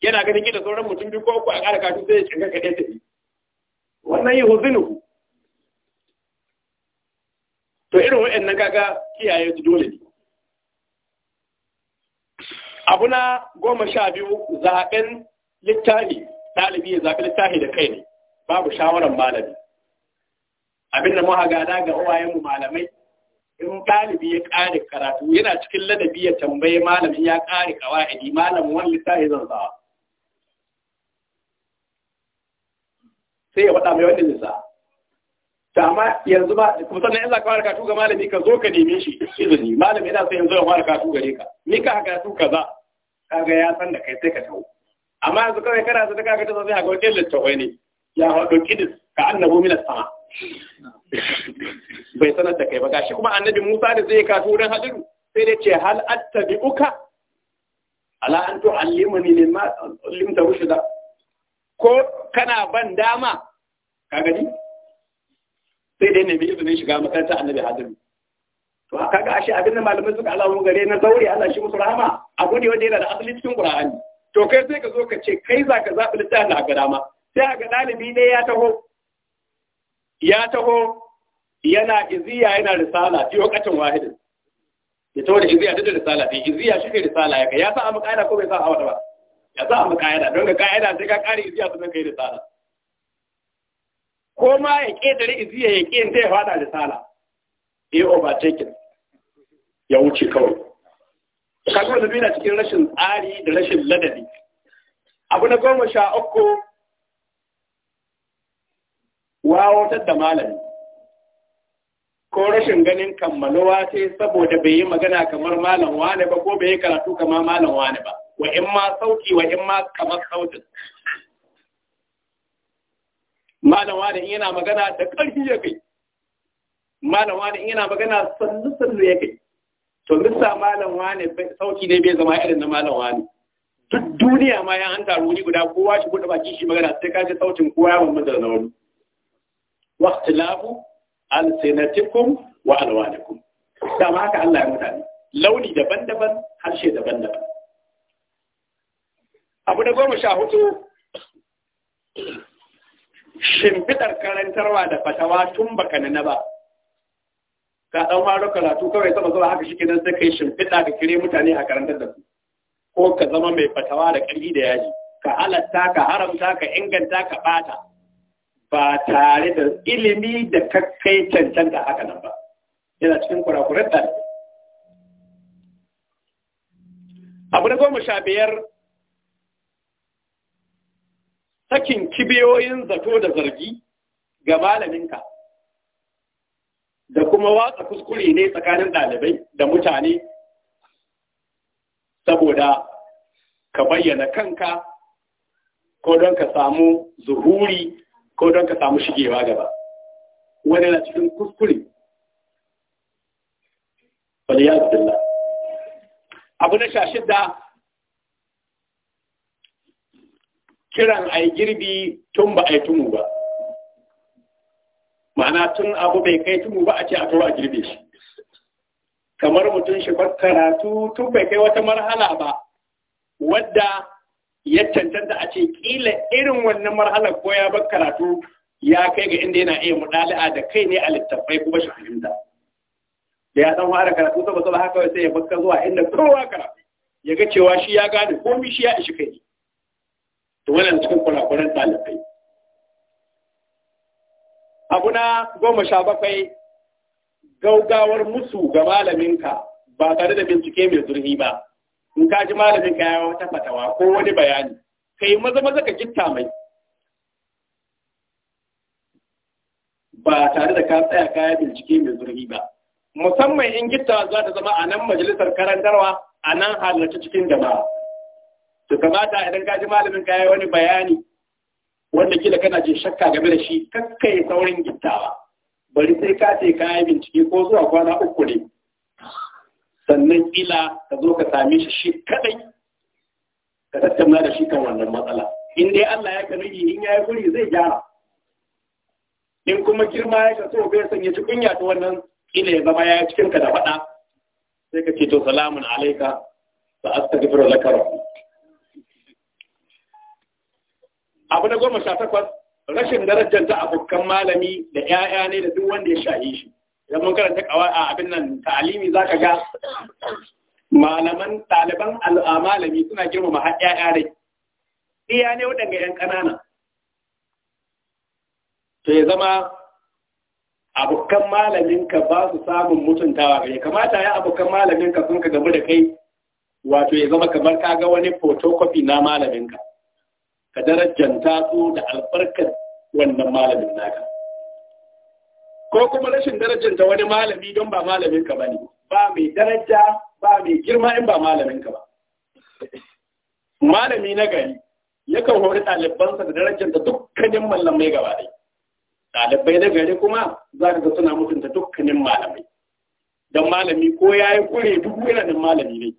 yana ganin gida sauran mutum biyu ko ku a ƙara kashi sai ya canka kaɗai da wannan yi huzinu to irin waɗannan kaga kiyaye su dole ne abu goma sha biyu zaɓen littafi ɗalibi ya zaɓi littafi da kai ne babu shawaran malami abin da muka gada ga uwayenmu malamai in ɗalibi ya ƙare karatu yana cikin ladabi ya tambaye malamin ya ƙare kawa'idi malamin wani littafi zan zawa sai ya faɗa mai wani lissa ta amma yanzu ba kuma sannan in za ka fara karatu ga malami ka zo ka neme shi izini malami yana so yanzu ya fara karatu gare ka ni ka karatu kaza kaga ya san da kai sai ka tawo amma yanzu kawai kana su daga gata sai a ga wajen littafai ne ya haɗo kidis ka annabu mina sama bai sanar da kai ba gashi kuma annabi Musa da zai kafi wurin haɗin sai dai ce hal uka. ala an ne ma limta rushda ko kana ban dama ka gani sai dai nemi izinin shiga makaranta annabi hadiru to ga ashe abin da malamai suka alamu gare na zauri Allah shi musu rahama abu ne wanda yana da asali cikin Qur'ani to kai sai ka zo ka ce kai za ka zaɓi littafin a gada ma sai a ga ɗalibi ne ya taho ya taho yana iziya yana risala fi wakatin wahidin ya taho da iziya duk da risala fi iziya shi ne risala ya kai ya sa a muƙa'ida ko bai sa a wata ba ya sa a muƙa'ida don ka ƙa'ida sai ka ƙare iziya sannan ka yi risala ko ma ya ƙetare iziya ya ƙi ta ya fada risala ya overtaking ya wuce kawai kaga da bina na cikin rashin tsari da rashin ladabi abu na goma sha uku wawatar da malami ko rashin ganin kammalowa sai saboda bai yi magana kamar malam wane ba ko bai yi karatu kamar malam wane ba wa in ma sauki wa in ma kamar sautin malam wane yana magana da ƙarfi ya kai malam wane yana magana sannu sannu ya kai to mista malam wane sauki ne bai zama irin na malam wane duk duniya ma ya hanta ruri guda kowa shi buɗe baki shi magana sai kaje sautin kowa ya bambanta da wani al sinatikum wa alwanikum ma haka Allah ya mutane launi daban-daban harshe daban-daban abu da goma sha hudu Shimfidar karantarwa da fatawa tun baka na ba ta ɗan fara karatu kawai sama zuwa haka shi nan sai kai shimfiɗa ka kire mutane a karantar da su ko ka zama mai fatawa da ƙarfi da yaji ka halatta ka haramta ka inganta ka ɓata ba tare da ilimi da kakkai cancanta haka nan ba yana cikin kurakuran da abu na goma sha biyar sakin kibiyoyin zato da zargi ga malaminka da kuma watsa kuskure ne tsakanin ɗalibai da mutane saboda ka bayyana kanka ko don ka samu zuhuri ko don ka samu shigewa gaba wani na cikin kuskure wani ya la. abu na sha shidda kiran yi girbi tun ba yi tumu ba ma'ana tun abu bai kai tumu ba a ce a to a girbe shi kamar mutum shi karatu tun bai kai wata marhala ba wadda ya cancanta a ce kila irin wannan marhala ko ya bar karatu ya kai ga inda yana iya mudali'a da kai ne a littattafai kuma shi fahimta da ya san fara karatu saboda saboda haka sai ya bakka zuwa inda kowa karatu ya ga cewa shi ya gane komi shi ya ishi kai to wannan cikin kurakuran ɗalibai abu na goma sha bakwai gaugawar musu ga malaminka ba tare da bincike mai zurfi ba in ka ji malaminka ya wata fatawa ko wani bayani kai maza maza ka gitta mai ba tare da ka tsaya kaya bincike mai zurfi ba musamman in gitta za ta zama a nan majalisar karantarwa a nan halarci cikin jama'a to kamata idan ka ji malamin ka wani bayani wanda kila kana jin shakka game da shi kakkai saurin gittawa bari sai ka ce ka yi bincike ko zuwa kwana uku ne sannan kila ka zo ka same shi shi kadai ka tattauna da shi kan wannan matsala in dai Allah ya kanu yi in yayi guri zai gyara in kuma girma ya kaso bai san ya ci kunya ta wannan kila ya zama ya cikin ka da faɗa sai ka ce to salamun alaika fa astaghfiru laka abu na goma sha takwas rashin darajar ta abokan malami da 'ya'ya ne da duk wanda ya shaye shi idan mun karanta a abin nan ta'alimi za ka ga malaman ɗaliban malami suna girmama har 'ya'ya dai iya ne waɗanda 'yan ƙanana to ya zama abokan malaminka ba su samun mutuntawa gare kamata ya abokan malaminka sun ka gamu da kai wato ya zama kamar ka ga wani photocopy na malaminka ka darajanta su da albarkar wannan malamin naka ko kuma rashin darajanta wani malami don ba malamin ka ne, ba mai daraja ba mai girma in ba malamin ka ba malami na gari yakan hori ɗalibansa da darajanta dukkanin malamai gaba ɗaya ɗalibai na gari kuma za ka suna mutunta dukkanin malamai don malami ko ya yi kure duk wiranin malami ne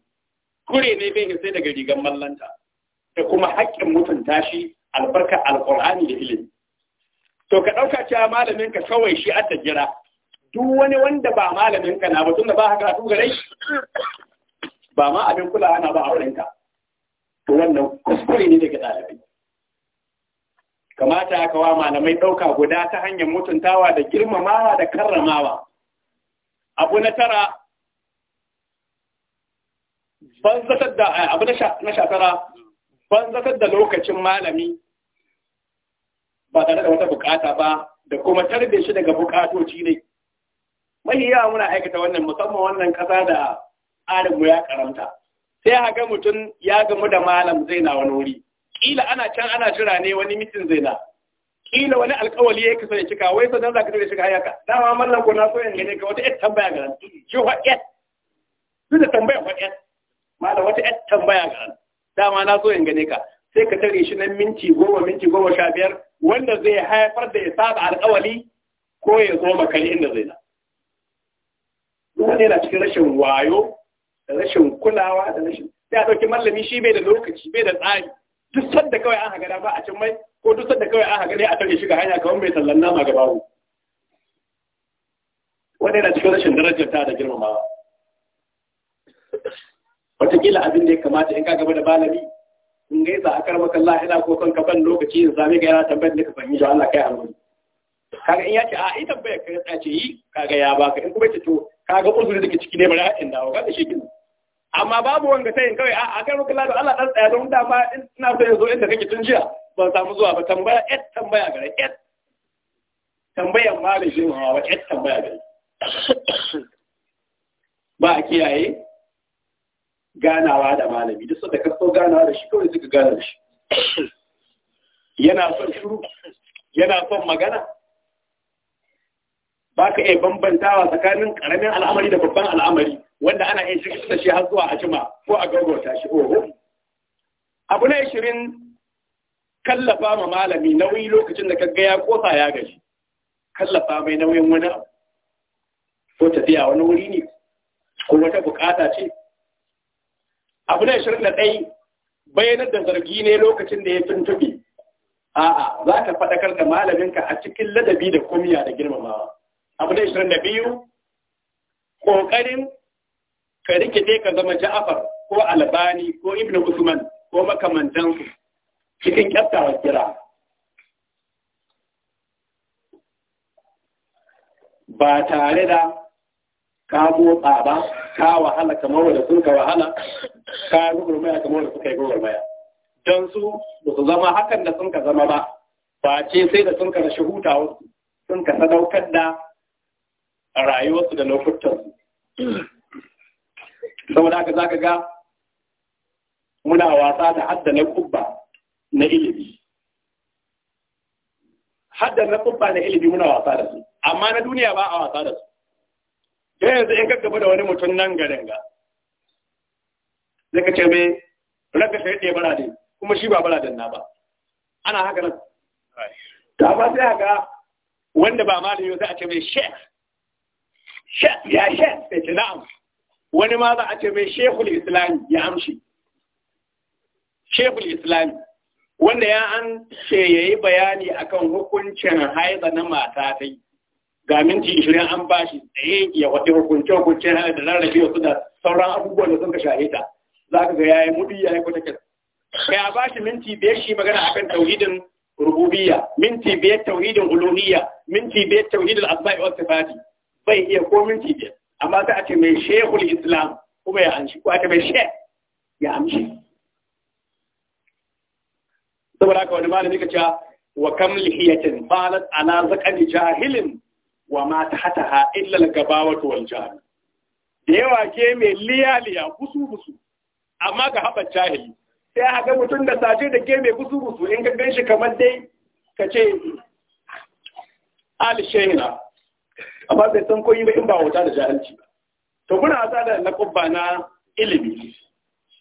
kure ne bai sai daga rigar mallanta da kuma haƙƙin mutunta shi albarka alƙur'ani da ilimi to ka ɗauka cewa malamin ka kawai shi a tajira duk wani wanda ba malamin ka na ba tunda ba haka tun gare shi ba ma abin kula ana ba a wurin ka to wannan kuskure ne daga ɗalibai kamata ka wa malamai ɗauka guda ta hanyar mutuntawa da girmamawa da karramawa abu na tara ban zatar da eh, abu na sha tara banzatar da lokacin malami ba tare da wata bukata ba da kuma tarbe shi daga bukatoci ne mai yawa muna aikata wannan musamman wannan kasa da arinmu ya karanta sai haka mutum ya gamu da malam zai na wani wuri kila ana can ana jira ne wani mitin zai na kila wani alkawali ya kasa ya cika wai sanar za ka da shiga hayaka dama mallan ko na so yin gane ka wata yar tambaya ga nan Su duk da tambaya wa yar malam wata yar tambaya ga nan dama na so in gane ka sai ka tare shi nan minti goma minti goma sha biyar wanda zai haifar da ya saba alkawali ko ya zo makare inda zai na wani yana cikin rashin wayo da rashin kulawa da rashin sai a ɗauki mallami shi bai da lokaci bai da tsari duk sanda kawai an haga dama a cin mai ko duk sanda kawai an haga ne a tare shi ga hanya kamar bai sallan nama ga babu wani yana cikin rashin darajar ta da girmamawa wataƙila abin da ya kamata in ka gaba da balabi in gaisa a karɓar kan lahira ko kan kafan lokaci da zame ga yana tambayar da ka fahimci Allah kai hankali kaga in ya ce a yi tambayar ka ya ce yi kaga ya baka in kuma ce to kaga uzuri da ke ciki ne bari a in dawo kaga shi kenan amma babu wanga tayin kawai a a kan lahira Allah dan tsaya don dama ina so yanzu inda kake tun jiya ban samu zuwa ba tambaya et tambaya gare et tambayar malamin shi ma wa et tambaya gare ba a kiyaye ganawa da malami duk sanda ka so ganawa da shi kawai suka gane da shi yana son shiru yana son magana ba ka iya bambantawa tsakanin karamin al'amari da babban al'amari wanda ana iya shi da shi har zuwa a jima ko a gaggauta shi oho abu na shirin kallafa ma malami nauyi lokacin da ka ga ya kosa ya gaji kallafa mai nauyin wani abu ko tafiya wani wuri ne ko wata bukata ce abu na shirin da ɗai bayanar da zargi ne lokacin da ya a a'a za ka faɗakar da malaminka a cikin ladabi da kumiya da girmamawa abu na shirin da biyu ƙoƙarin ka rikide ka zama ja'afar ko albani ko ibn usman ko makamantansu cikin kyaftawa kira ba tare da ka motsa ba ka wahala kamar wanda sun ka wahala ka gwagwarmaya kamar da suka yi gwagwarmaya don su ba su zama hakan da sun ka zama ba ba ce sai da sun ka rashin huta sun ka sadaukar da rayuwarsu da lokutansu saboda haka za ka ga muna wasa da hadda na kubba na ilimi hadda na kubba na ilimi muna wasa da su amma na duniya ba a wasa da su yanzu in ka gaba da wani mutum nan garin ga sai ka ce mai ranka sai ɗaya bala ne kuma shi ba bala danna ba ana haka nan ta ba sai haka wanda ba ma da yau sai a ce mai shek ya shek sai ce na'am wani ma za a ce mai shekul islami ya amshi shekul islami wanda ya an ce ya yi bayani akan hukuncin haiza na mata ta yi ga minti ishirin an bashi da ya wata hukunce hukuncin haiza da rarrabe su da sauran abubuwan da sun ka shahita. ta za ka ga ya yi muɗi ya yi kwatakin kai a bashi minti biyar shi magana akan tauhidin rububiya, minti biyar tauhidin uluhiyya minti biyar tauhidin asma'i wa sifati bai iya ko minti biyar amma sai a ce mai shehul islam kuma ya amshi ko a ce mai sheh ya amshi saboda haka wani malami ka ce wa kam lihiyatin balat ala zaqali jahilin wa ma tahataha illa al-gabawatu wal jahl da yawa ke mai liya liya busu busu amma ga haɓar jahili sai a haɗa mutum da sace da ke mai kusurusu in ka gan shi kamar dai ka ce ali shehina amma bai san koyi ba in ba wuta da jahilci ba to muna wasa da na kubba na ilimi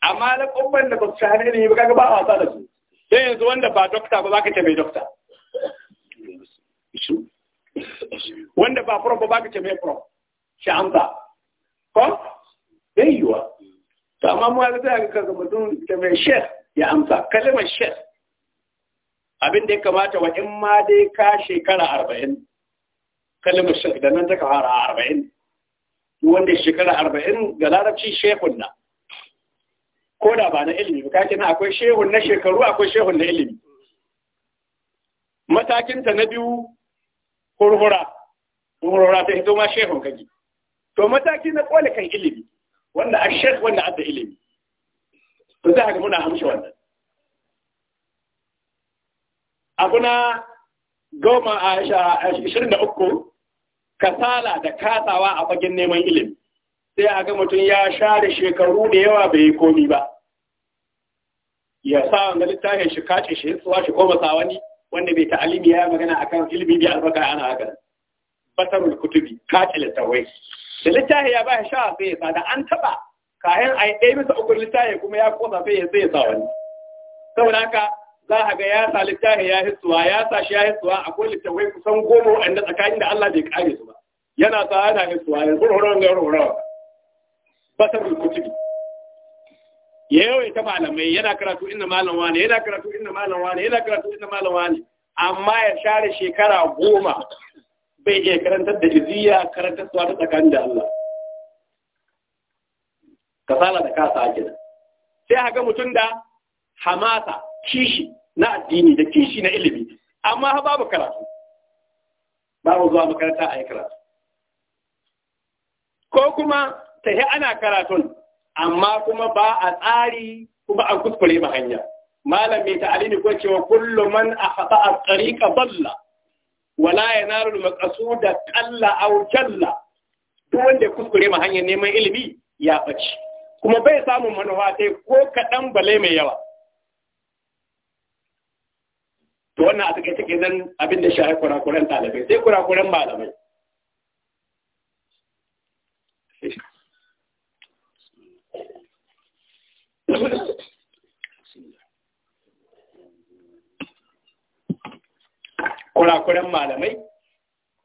amma na kubban da ba su shahara ilimi ba kaga ba a wasa da su sai yanzu wanda ba dokta ba za ka ce mai dokta wanda ba prof ba ka ce mai prof shi amsa ko bai yiwuwa. to amma mu ga sai ga mutum da mai shekh ya amsa kalmar shekh abin da ya kamata wa in ma dai ka shekara arba'in kalmar shekh da nan ta fara arba'in wanda shekara arba'in ga larabci shehun na ko da ba na ilimi ba na akwai shehun na shekaru akwai shehun na ilimi matakinta na biyu hurhura hurhura ta hito ma shehun kaji to mataki na kwale kan ilimi wanda a shek wanda adda ilimi to za ga muna amshi wannan abu na goma a ashirin da uku kasala da kasawa a fagen neman ilimi sai a ga mutum ya share shekaru da yawa bai yi komi ba ya sa wanda littafin shi kace shi tsuwa shi koma sa wani wanda bai ta'alimi ya magana akan ilimi bi albaka ana haka batarul kutubi kace littafai da littafi ya ba shi sha sai ya sa da an taɓa kayan a yi ɗaya bisa uku littafi kuma ya kosa sai ya sai ya sa wani saboda haka za a ga ya sa littafi ya hissuwa ya sa shi ya hissuwa akwai littafai kusan goma waɗanda tsakanin da Allah bai kare su ba yana sa yana hissuwa ya zurhuron ga rurawa basar kutubi ya yawai ta malamai yana karatu inda malam wani yana karatu inda malam wani yana karatu inda malam wani amma ya share shekara goma bai iya karantar da iziya karantar suwa ta tsakanin da Allah kasala da kasa ake da sai haka mutum da hamasa kishi na addini da kishi na ilimi amma ha babu karatu babu zuwa makaranta a yi karatu ko kuma ta yi ana karatun amma kuma ba a tsari kuma an kuskure ba hanya malam mai ta'alimi ko cewa kullum man a hata a tsari ka balla wala yanaru maqsuda kalla aw kalla, duk wanda ya kuskure ma hanyar neman ilimi ya ɓaci kuma bai samun manufa sai ko kaɗan bale mai yawa to wannan a take take nan abin da shahi kurakuran talibai sai kurakuran malamai Thank you. kurakuren malamai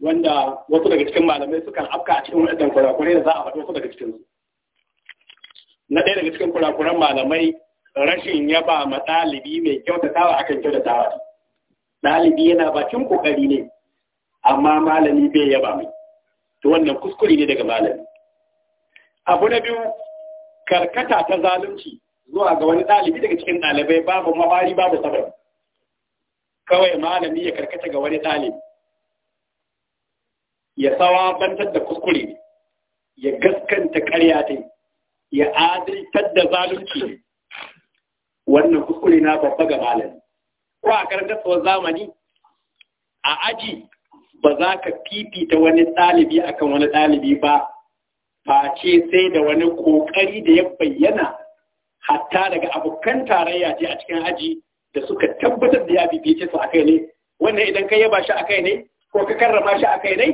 wanda wasu daga cikin malamai sukan afka a cikin waɗannan kurakurai da za a faɗi wasu daga cikin su na ɗaya daga cikin kurakuran malamai rashin yaba ma ɗalibi mai kyautatawa akan kyautatawa ɗalibi yana bakin ƙoƙari ne amma malami bai yaba mai to wannan kuskure ne daga malami abu na biyu karkata ta zalunci zuwa ga wani ɗalibi daga cikin ɗalibai babu mabari babu sabari kawai malami ya karkata ga wani ɗalibi ya bantar da kuskure ya gaskanta karya ta ya adaltar da zalunci wannan kuskure na babba ga malami ko a karantarwar zamani a aji ba za ka fifita wani ɗalibi akan wani ɗalibi ba face sai da wani ƙoƙari da ya bayyana hatta daga abokan tarayya ce a cikin aji da suka tabbatar da ya bibice su akai ne wannan idan ka yaba shi akai ne ko ka karrama shi akai ne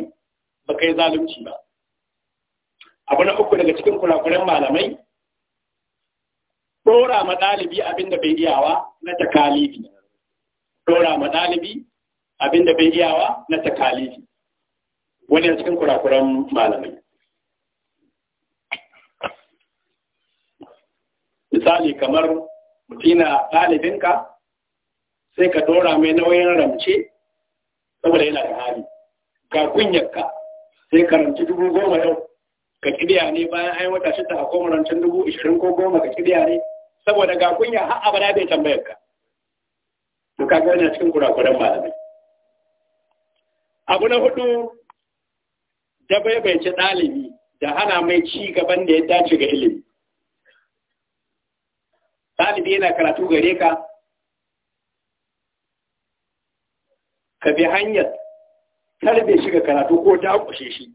ba kai zalunci ba abu na uku daga cikin kurakuren malamai dora ma ɗalibi abin da bai iyawa na takalifi dora ma dalibi abin da bai iyawa na takalifi wani cikin kurakuren malamai misali kamar mutum na ɗalibinka sai ka dora mai nauyin ramce saboda yana da hali ga kunyarka sai ka ramci dubu goma yau ka kidiya ne bayan an wata shida a koma rancen dubu ishirin ko goma ka kidiya ne saboda ga kunya har abada bai tambayar ka to ka ga yana cikin kurakuran malamai abu na hudu da ci ɗalibi da hana mai ci gaban da ya dace ga ilimi ɗalibi yana karatu gare ka ka bi hanyar karbe shi ga karatu ko ta kushe shi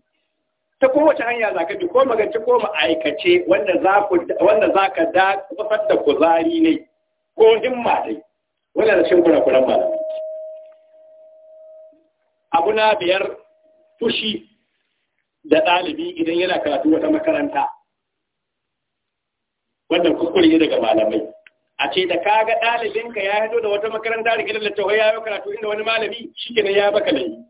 ta kowace hanya za ka bi ko magance ko ma'aikace wanda za ka da kusan da kuzari ne ko himma dai wannan rashin kuran ba abu na biyar fushi da ɗalibi idan yana karatu wata makaranta wannan kuskure ne daga malamai a ce da ka ga ɗalibinka ya hito da wata makaranta da gidan littattafai ya yi karatu inda wani malami shi ke ya baka laifi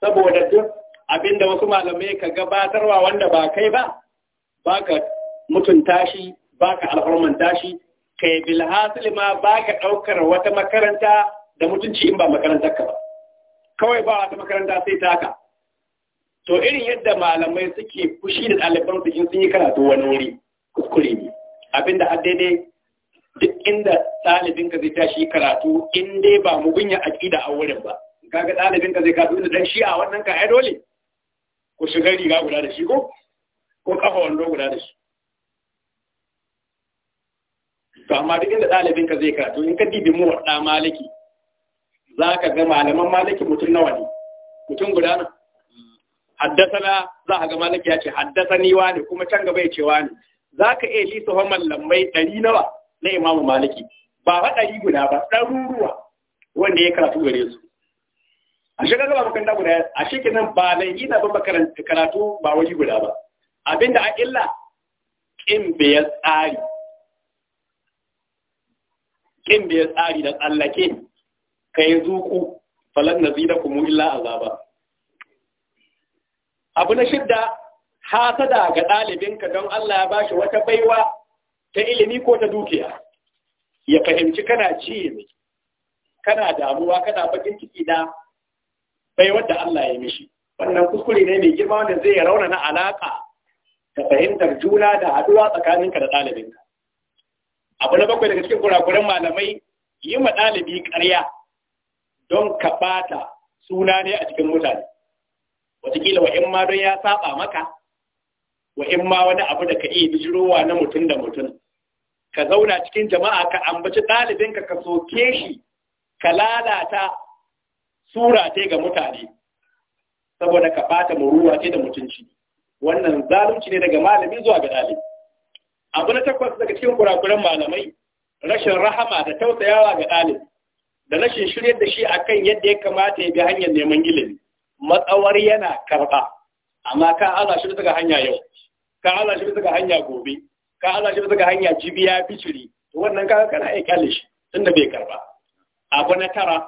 saboda duk abin da wasu malamai ka gabatarwa wanda ba kai ba ba ka mutunta shi ba ka alhormanta shi kai bilhassil ma ba ka ɗaukar wata makaranta da mutunci in ba makarantar ka ba kawai ba wata makaranta sai taka to irin yadda malamai suke fushi da ɗalibansu in sun yi karatu wani wuri kuskure ne abinda har daidai duk inda ɗalibinka zai tashi karatu in dai ba mu gunya aƙida a wurin ba kaga ɗalibinka zai karatu inda dan shi a wannan ka dole ko shiga riga guda da shi ko ko kafa wando guda da shi to amma duk inda ɗalibinka zai karatu in ka dibi mu wadda maliki za ka ga malaman maliki mutum nawa ne mutum guda na haddasa za a ga maliki ya ce haddasa ni wani kuma can gaba ya ce wani za ka iya shi lissafa mallamai ɗari nawa na imamu maliki ba fa ɗari guda ba ɗaruruwa wanda ya karatu gare su a shiga gaba makaranta guda a shi kenan ba na yi na ban karatu ba waje guda ba abinda a illa ƙin biya tsari ƙin biya tsari da tsallake ka yi zuku falan na zida kuma illa azaba abu na shidda hasada ga ɗalibinka don Allah ya bashi wata baiwa ta ilimi ko ta dukiya ya fahimci kana ci mai kana damuwa kana bakin ciki da baiwar da Allah ya mishi wannan kuskure ne mai girma wanda zai rauna na alaƙa da fahimtar juna da haɗuwa tsakaninka da ɗalibinka abu na bakwai daga cikin kurakuran malamai yi ma ɗalibi ƙarya don ka ɓata suna ne a cikin mutane wataƙila wa ‘yan ma don ya saba maka wa in ma wani abu da ka iya bijirowa na mutum da mutum ka zauna cikin jama'a ka ambaci ɗalibinka ka soke shi ka lalata sura ce ga mutane saboda ka ɓata muruwa ce da mutunci wannan zalunci ne daga malami zuwa ga ɗalib abu na takwas daga cikin kurakuran malamai rashin rahama da tausayawa ga ɗalib da rashin shiryar da shi akan yadda ya kamata ya bi hanyar neman ilimi matsawar yana karɓa amma ka aza shi daga hanya yau ka aza shi bisa ga hanya gobe ka aza shi bisa ga hanya jibiya biciri to wannan kaga kana iya kalle shi tunda bai karba abu na tara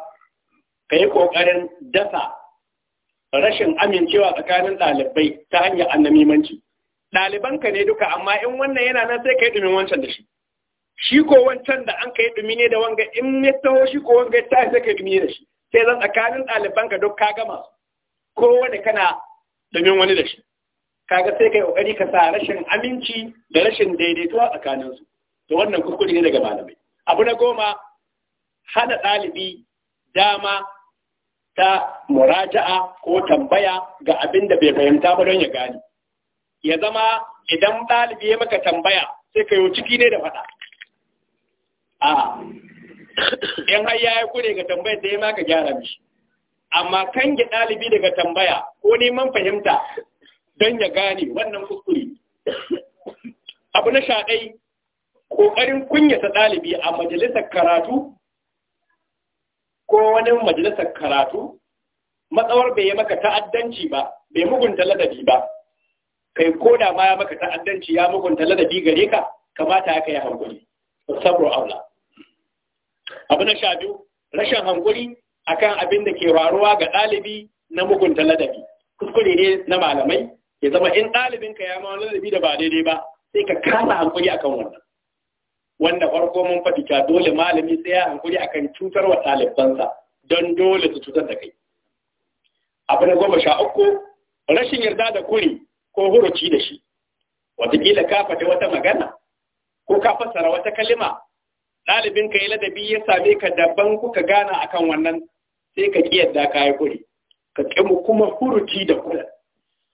kai kokarin dasa rashin amincewa tsakanin ɗalibai ta hanyar annamimanci ɗalibanka ne duka amma in wannan yana nan sai ka yi ɗumin wancan da shi shi ko wancan da an ka yi ɗumi ne da wanga in ya taho shi ko wanga ya tashi sai ka yi ɗumi da shi sai zan tsakanin ɗalibanka duk ka gama kowane kana ɗumin wani da shi kaga sai kai kokari ka sa rashin aminci da rashin daidaituwa tsakanin su to wannan kuskure ne daga malamai abu na goma hana ɗalibi dama ta muraja'a ko tambaya ga abin da bai fahimta ba don ya gane ya zama idan ɗalibi ya maka tambaya sai ka ciki ne da faɗa a in har ya yi kure ga tambayar da ya maka gyara mishi amma kan ɗalibi daga tambaya ko neman fahimta don ya gane wannan kuskure abu na sha ƙoƙarin kunyata ɗalibi a majalisar karatu ko wani majalisar karatu matsawar bai yi maka ta'addanci ba bai mugunta ladabi ba kai ko da ma ya maka ta'addanci ya mugunta ladabi gare ka kamata ya kai hankuri sabro aula abu na sha biyu rashin hankuri akan abin da ke waruwa ga ɗalibi na mugunta ladabi kuskure ne na malamai ya zama in ɗalibinka ya ma wani ladabi da ba daidai ba sai ka kasa hankuri akan wannan wanda farko mun faɗi cewa dole malami sai ya hankuri akan cutar wa ɗalibansa don dole su cutar da kai abu na goma sha uku rashin yarda da kuri ko huruci da shi wataƙila ka faɗi wata magana ko ka fassara wata kalima ɗalibin ka yi ladabi ya same ka daban kuka gana akan wannan sai ka ƙi yadda ka yi kuri ka ƙi kuma huruci da kula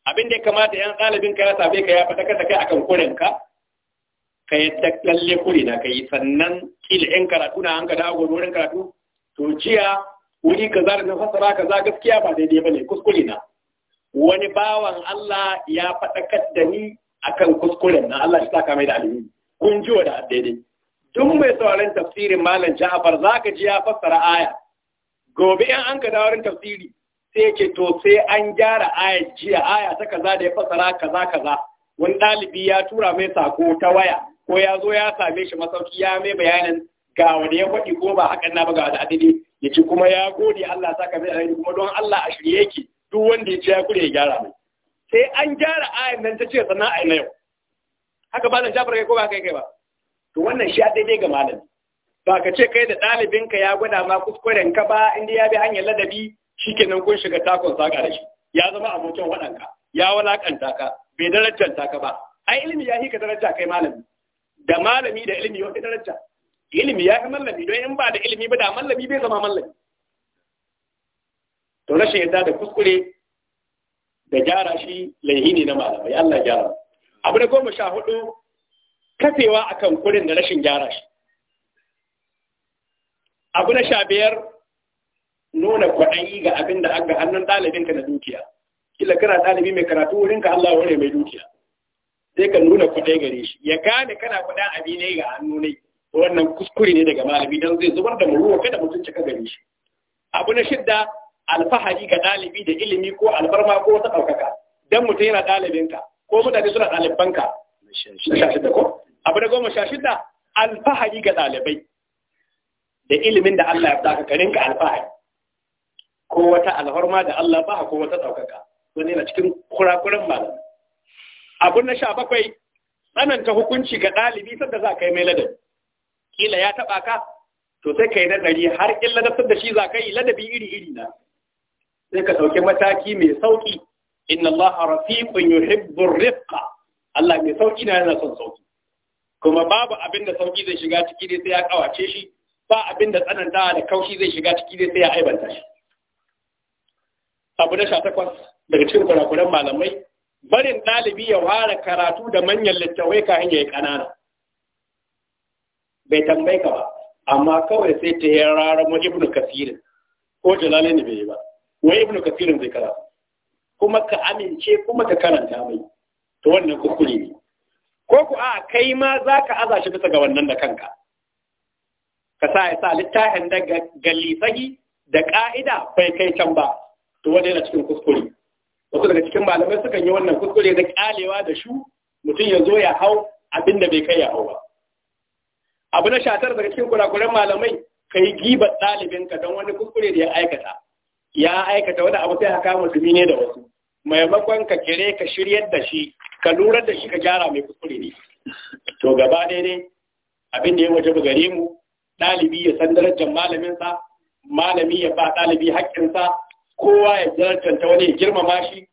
abin da ya kamata yan ɗalibin ka ya same ka ya faɗa da kai akan kurin ka yi yadda lalle kuri ka yi sannan kila yan karatu na an ka dawo wurin karatu to jiya wuri kaza da na fasara kaza gaskiya ba daidai ba kuskure na wani bawan Allah ya faɗakar da ni akan kuskuren na Allah ya saka mai da alimi kun ji wa da daidai tun mai sauraron tafsirin malam Ja'far zaka ji ya fassara aya gobe 'yan an ka dawo wurin tafsiri sai ce to sai an gyara ayar jiya aya ta kaza da ya fasara kaza kaza wani ɗalibi ya tura mai sako ta waya ko ya zo ya same shi masauki ya mai bayanin ga wani ya faɗi ko ba hakan na ba ga al'adili ya ci kuma ya gode Allah saka mai alheri kuma don Allah a shirye yake duk wanda ya ci ya kure ya gyara mai sai an gyara ayan nan ta ce sana'a na yau haka ba zan shafar kai ko ba kai kai ba to wannan shi a daidai ga malami ba ka ce kai da ɗalibinka ya gwada ma kuskuren ka ba inda ya bi hanyar ladabi shikenan kun shiga takon saka da shi ya zama abokin waɗanka ya walakanta ka bai darajanta ka ba ai ilimi ya hika daraja kai malami da malami da ilimi wata daraja ilimi ya fi mallami don in ba da ilimi ba da mallami bai zama mallami to rashin yadda da kuskure da gyara shi laihi ne na malamai Allah gyara abu da goma sha hudu kafewa akan kurin da rashin gyara shi abu na sha biyar nuna kwaɗayi ga abin da aga hannun ɗalibinka na dukiya kila kana ɗalibi mai karatu wurinka Allah wani mai dukiya sai ka nuna kwaɗayi gare shi ya gane kana kwaɗa abi ne ga hannu ne wannan kuskure ne daga malami don zai zubar da muruwa kada mutunci ka gare shi abu na shidda alfahari ga ɗalibi da ilimi ko albarma ko wata ɗaukaka Dan mutum yana ɗalibinka ko mutane suna ɗalibanka abu na goma sha shidda alfahari ga ɗalibai da ilimin da Allah ya fi ka rinka alfahari ko wata alhorma da Allah ba ko wata ɗaukaka wani na cikin kurakuran malam abun na sha bakwai tsananta hukunci ga ɗalibi sanda za ka yi mai ladabi kila ya taɓa ka to sai ka yi har in ladabtar da shi za ka yi ladabi iri iri na sai ka ɗauki mataki mai sauƙi inna Allah rafiqun yuhibbu rifqa Allah mai sauƙi na yana son sauƙi kuma babu abin da sauƙi zai shiga ciki dai sai ya kawace shi ba abin da tsananta da kaushi zai shiga ciki dai sai ya aibanta shi abu na sha takwas daga cikin kurakuran malamai barin ɗalibi ya ware karatu da manyan littawai ka hanyar ƙanana bai tambayi ka ba amma kawai sai ta yi mu ibnu kasirin ko jalalai ne bai yi ba wai ibnu kasirin zai kara kuma ka amince kuma ka karanta mai to wannan kuskure ne ko ku a kai ma za ka aza shi bisa ga wannan da kanka ka sa ya sa littafin da ga lisahi da ƙa'ida bai kai can ba to wanda yana cikin kuskure wasu daga cikin malamai sukan yi wannan kuskure da ƙalewa da shu mutum ya zo ya hau abin da bai kai ya hau ba abu na shatar daga cikin kurakuren malamai ka yi gibar ɗalibinka don wani kuskure da ya aikata ya aikata wani abu sai kama musulmi ne da wasu maimakon ka kire ka shiryar da shi ka lura da shi ka gyara mai kuskure ne to gaba daidai abin da ya waje gare mu ɗalibi ya san darajar malaminsa malami ya ba ɗalibi haƙƙinsa kowa ya zartanta wani ya girmama shi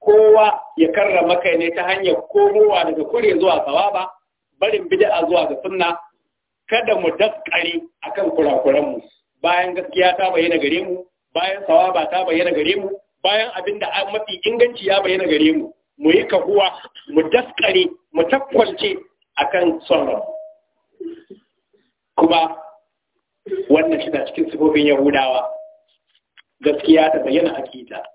kowa ya karrama kai ne ta hanyar komowa daga kure zuwa sawaba barin bid'a zuwa ga sunna kada mu daskare akan kurakuranmu bayan gaskiya ta bayyana gare mu bayan sawaba ta bayyana gare mu bayan abin da mafi inganci ya bayyana gare mu mu yi kahuwa mu daskare mu takwalce akan son kuma wannan shi cikin sifofin yahudawa gaskiya ta bayyana aƙida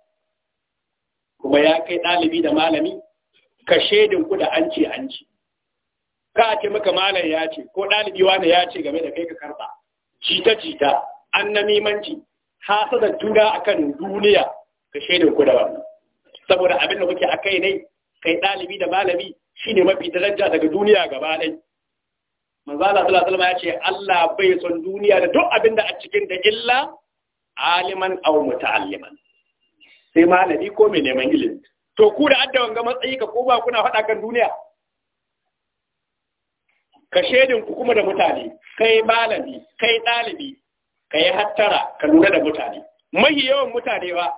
kuma ya kai ɗalibi da malami ka shaidin ku da an ce an ce ka a ce maka malam ya ce ko ɗalibi wani ya ce game da kai ka karɓa jita jita an na mimanci da juna a akan duniya ka shaidin ku da wannan saboda abin da kuke a kai ne kai ɗalibi da malami shine mafi daraja daga duniya gaba ɗai manzala sallallahu alaihi wasallam ya ce Allah bai son duniya da duk abin da a cikin da illa aliman aw muta'alliman sai malami ko mai neman ilimi to ku da addawan ga matsayi ka ko ba kuna faɗa kan duniya ka shedin ku kuma da mutane kai malami kai ɗalibi ka hattara ka lura da mutane mahi yawan mutane ba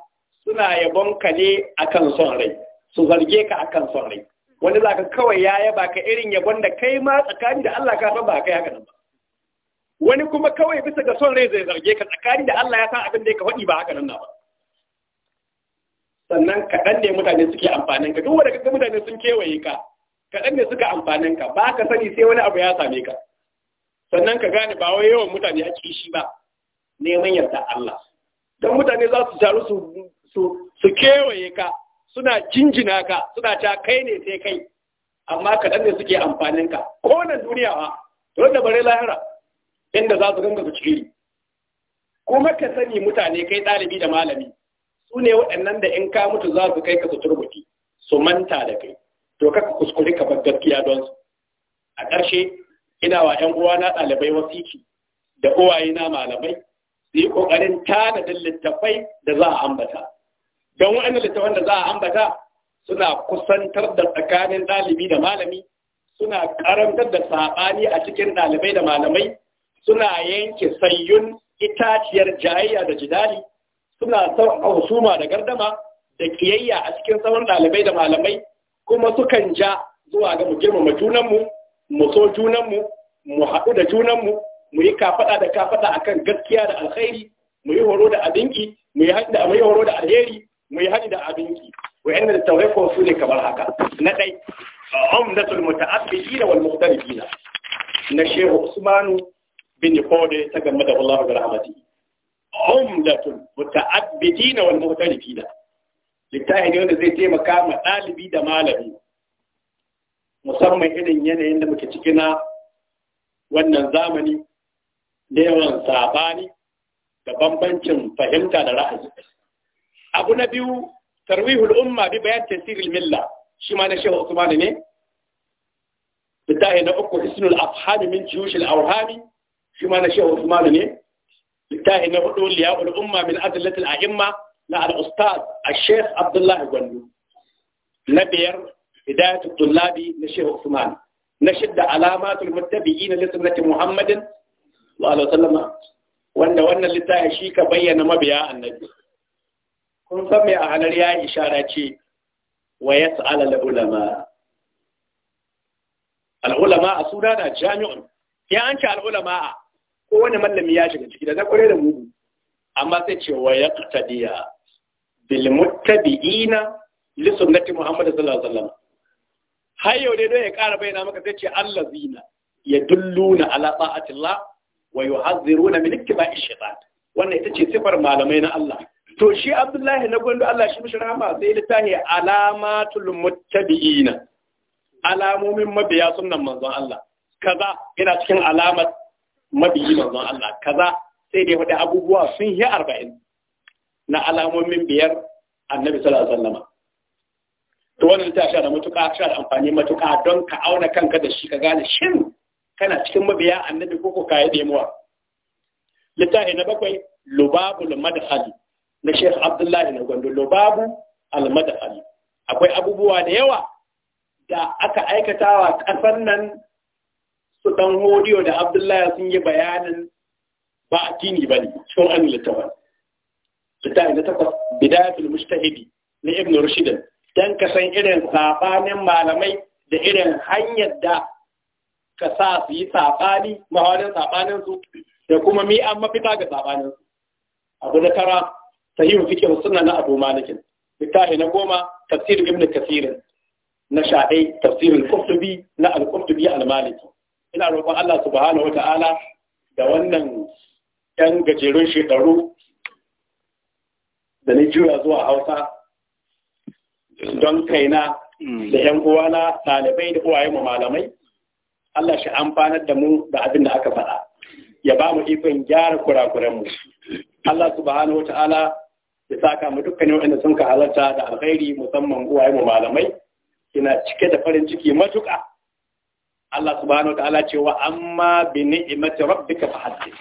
suna yabon ka ne akan son rai su zarge ka akan son rai wanda zaka kawai ya yaba ka irin yabon da kai ma tsakani da Allah ka san ba kai haka nan ba wani kuma kawai bisa ga son rai zai zarge ka tsakani da Allah ya san abin da ya ka faɗi ba haka nan ba sannan kaɗan ne mutane suke amfanin ka duk wanda kaga mutane sun kewaye ka kaɗan ne suka amfanin ka ba ka sani sai wani abu ya same ka sannan ka gane ba wai yawan mutane a shi ba neman yarda Allah don mutane za su taru su kewaye ka suna jinjina ka suna ta kai ne sai kai amma kaɗan ne suke amfanin ka ko nan duniya ba wanda bare lahira inda za su ganga su ciri kuma ka sani mutane kai ɗalibi da malami su ne waɗannan da in ka mutu za su kai ka su turbuti su manta da kai to kaka kuskure ka bar gaskiya don su a ƙarshe ina wa ƴan uwana ɗalibai wasiki da uwaye na malamai su yi ƙoƙarin tanadin littafai da za a ambata don waɗannan littafan da za a ambata suna kusantar da tsakanin ɗalibi da malami suna karantar da saɓani a cikin ɗalibai da malamai suna yanke sayyun itaciyar jayayya da jidali suna husuma da gardama da kiyayya a cikin sauran ɗalibai da malamai kuma sukan ja zuwa ga mu girmama junanmu mu so junanmu mu haɗu da junanmu mu yi kafaɗa da kafaɗa akan gaskiya da alkhairi mu yi horo da abinki mu yi haɗi da mu yi horo da alheri mu yi haɗi da abinki wa'annan da su ne kamar haka na ɗai umdatul muta'abbidina wal muhtarifina na shehu usmanu bin kode ta game da Allah ga rahmati umdatun muta'abbidina wal muhtarifina littafi ne wanda zai taimaka ma ɗalibi da malami musamman irin yanayin da muke cikina wannan zamani da yawan sabani da bambancin fahimta da ra'ayi abu na biyu tarwihul umma bi bayan tasirin milla shi ma na shehu usman ne littafi na uku hisnul afhami min jiyushil awhami شو معنى شيخ عثمان ني بتاعي انه يقول لي اقول امه من ادله الائمه لا الاستاذ الشيخ عبد الله غني نبير هداية الطلاب لشيخ عثمان نشد علامات المتبعين لسنة محمد صلى الله عليه وسلم وأن وأن اللي شيك بين مبيع النبي كن سمع عن الرياء إشارة شيء ويسأل العلماء العلماء سورة جامع يعني العلماء ko wani mallami ya shiga ciki da na kware da mugu amma sai ce wa ya qtadiya bil muttabi'ina li sallallahu alaihi wasallam har yau dai don ya ƙara bayyana maka sai ce allazina yadulluna ala ta'atillah wa yuhadhiruna min ittiba'i shaytan wannan ita ce sifar malamai na Allah to shi Abdullahi na gondo Allah shi mishi rahama sai littafi alamatul muttabi'ina alamomin mabiya sunnan manzon Allah kaza yana cikin alamar mabiyi manzon Allah kaza sai dai faɗi abubuwa sun yi arba'in na alamomin biyar annabi sallallahu alaihi wasallam to wannan ta sha da matuƙa sha da amfani matuƙa don ka auna kanka da shi ka gane shin kana cikin mabiya annabi ko ko da demuwa littafi na bakwai lubabul madhali na Sheikh Abdullahi na Gondo lubabu al madhali akwai abubuwa da yawa da aka aikatawa ƙasar nan su dan hodiyo da abdullahi sun yi bayanin ba a tini ba ne cikin wani littafin littafi na takwas bidayatul mustahidi na ibn rushidin dan ka san irin sabanin malamai da irin hanyar da ka sa su yi sabani mahawarin sabanin su da kuma mi an mafita ga sabanin su abu na tara sahihu fiqh sunna na abu malikin littafi na goma tafsirin ibn kasirin na sha ɗai tafsirin qurtubi na al-qurtubi al-maliki ina roƙon Allah subhanahu da wannan yan gajerun shekaru da ni juya zuwa Hausa don kaina da yan uwana ɗalibai da uwaye mu malamai Allah shi amfanar da mu da abin da aka faɗa ya ba mu ikon gyara kurakuranmu. mu Allah subhanahu wata'ala ya saka mu dukkanin waɗanda sun ka halarta da alkhairi musamman uwaye mu malamai ina cike da farin ciki matuƙa Allah subhanahu wataala ce wa amma bi ni'imati rabbika fahaddith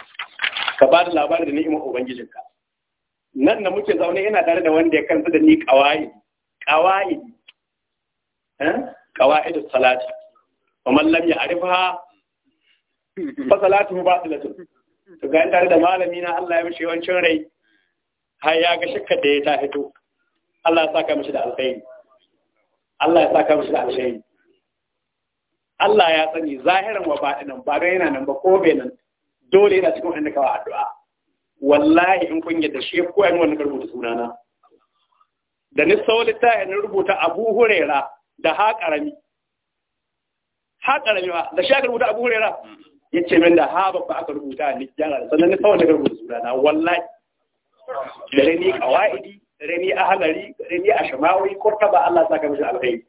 ka ba da labarin da ni'imar ubangijinka nan da muke zaune ina tare da wanda ya kanta da ni qawaid qawaid eh qawaid salati wa man lam ya'rifha fa salatuhu salatu to ga tare da malami na Allah ya mishi yawancin rai har ya ga shakkar da ya ta fito Allah ya saka mishi da alkhairi Allah ya saka mishi da alkhairi Allah ya sani zahiran wa nan, ba ga yana nan ba ko bai nan dole yana cikin wanda kawai addu'a wallahi in kun yadda shi ko yan wannan rubuta sunana da ni ta ya rubuta Abu Huraira da ha karami ha karami ba da shi aka rubuta Abu Huraira yace min da ha babba aka rubuta ni jara sannan ni saulita rubuta sunana wallahi da ni kawaidi da ni ahlari da ni ashmawi ko ba Allah saka mishi alheri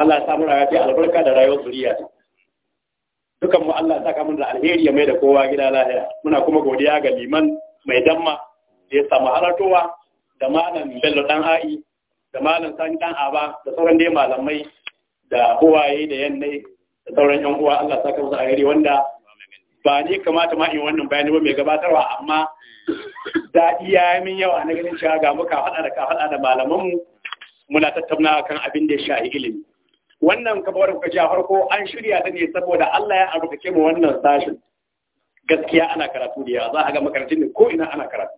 Allah ya samu rayuwa albarka da rayuwar zuriya dukan mu Allah ya saka mun da alheri ya mai da kowa gida lahiya muna kuma godiya ga liman mai damma da ya samu halartowa da malam Bello dan Ai da malam Sani dan Aba da sauran dai malamai da uwaye da yanne da sauran yan uwa Allah ya saka musu alheri wanda ba ni kamata ma in wannan bayani ba mai gabatarwa amma daɗi ya yi min yawa na ganin cewa ga muka faɗa da ka faɗa da mu, muna tattauna kan abin da ya shafi ilimi wannan kabar kuka ji a farko an shirya ta ne saboda Allah ya arzike mu wannan sashin gaskiya ana karatu da yawa za a ga makarantun ne ko ina ana karatu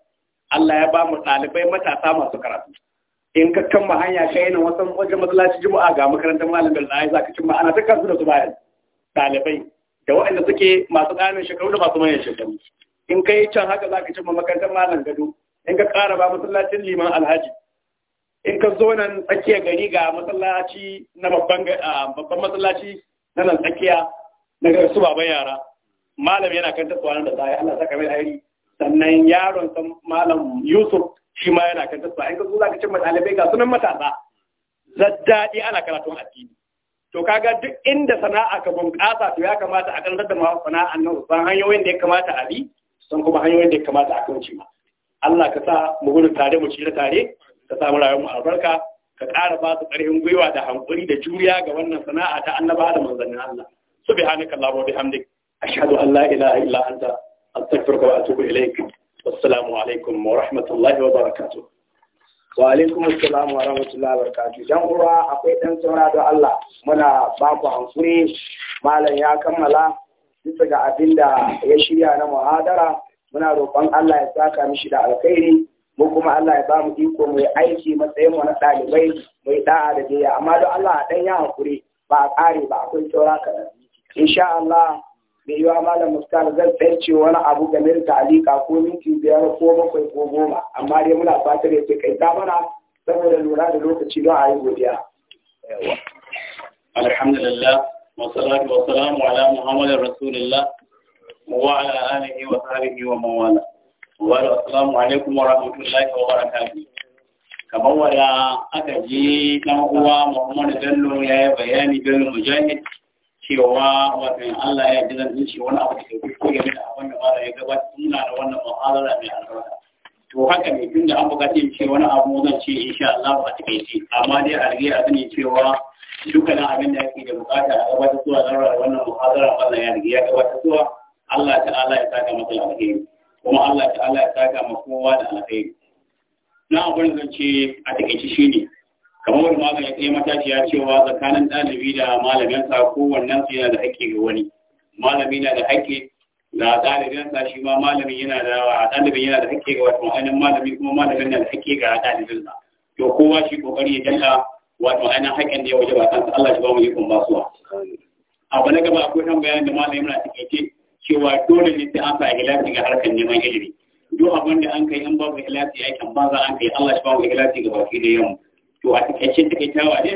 Allah ya ba mu ɗalibai matasa masu karatu in ka kama hanya kai nan wasan wajen masallaci juma'a ga makarantar malam da za ka cimma ana dukkan su da su bayan ɗalibai da waɗanda suke masu ƙananan shekaru da masu manyan shekaru in kai can haka za ka cimma makarantar malam gado in ka ƙara ba masallacin liman alhaji in ka zo nan tsakiyar gari ga masallaci na babban masallaci na nan tsakiya na ga su baban yara malam yana kan tasowa da tsaye Allah saka mai hairi sannan yaron san malam Yusuf shi ma yana kan tasowa in ka zo zaka cimma ɗalibai ga sunan matasa zaddaɗi ana karatun addini to kaga duk inda sana'a ka bunƙasa to ya kamata a kan zaddama sana'a sana'an nan san hanyoyin da ya kamata a bi sun kuma hanyoyin da ya kamata a kan ma Allah ka sa mu gudu tare mu ci tare ka samu rayuwar mu albarka ka ƙara ba su ƙarfin gwiwa da hankuri da juriya ga wannan sana'a ta annaba da manzannin Allah Su subhanaka allahumma wa bihamdik ashhadu an la ilaha illa anta astaghfiruka wa atubu ilaik wassalamu alaikum wa rahmatullahi wa barakatuh wa alaikum assalam wa rahmatullahi wa barakatuh dan uwa akwai ɗan saura don Allah muna ba ku hankuri malam ya kammala bisa ga abin da ya shirya na muhadara muna roƙon Allah ya saka mishi da alkhairi mu kuma Allah ya ba mu iko mu aiki matsayin wani ɗalibai mai ɗa'a da'a da jiya amma don Allah dan ya hankuri ba a ƙare ba akwai saura kaɗan insha Allah mai yiwa malam muskar zan tsaye wani abu game da ta'alika ko minti biyar ko bakwai ko goma amma dai muna fatar ya kai ta mana saboda lura da lokaci don a yi godiya. Alhamdulillah, wasu wasalamu ala Muhammadu Rasulillah, wa ala alihi wa sahbihi wa mawala. wa assalamu alaikum wa rahmatullahi wa barakatuh kamar wanda aka ji dan uwa Muhammad Bello ya yi bayani Bello Mujahid cewa wato Allah ya ji zan shi wani abu da ke ko game da abin da mala ya gabata muna da wannan muhadara mai albarka to haka ne tun da an bukaci in ce wani abu zan ce insha Allah ba ta kai amma dai a rige a sani cewa dukkanin abin da ake da bukata a gabata zuwa zarra da wannan ba Allah ya rige ya gabata zuwa Allah ta'ala ya saka masa alheri kuma Allah ta'ala ya saka ma kowa da alkhairi na abin zance a takaice shine kamar wani malam ya kai matashiya cewa tsakanin ɗalibi da malaminsa kowannen su yana da haƙƙi ga wani malami na da haƙƙi ga ɗalibinsa shi ma malamin yana da ɗalibin yana da haƙƙi ga wato ainihin malami kuma malamin na da haƙƙi ga ɗalibinsa to kowa shi kokari ya danka wato ainihin haƙƙin da ya waje ba kansa Allah shi ba mu yi kun basuwa abu na gaba akwai kan bayanin da malamin na takaice cewa dole ne sai an sa ikhlasi ga harkar neman ilimi duk abin da an kai an babu kan ba za an kai Allah shi babu ikhlasi ga baki da yamma to a takaice takaitawa ne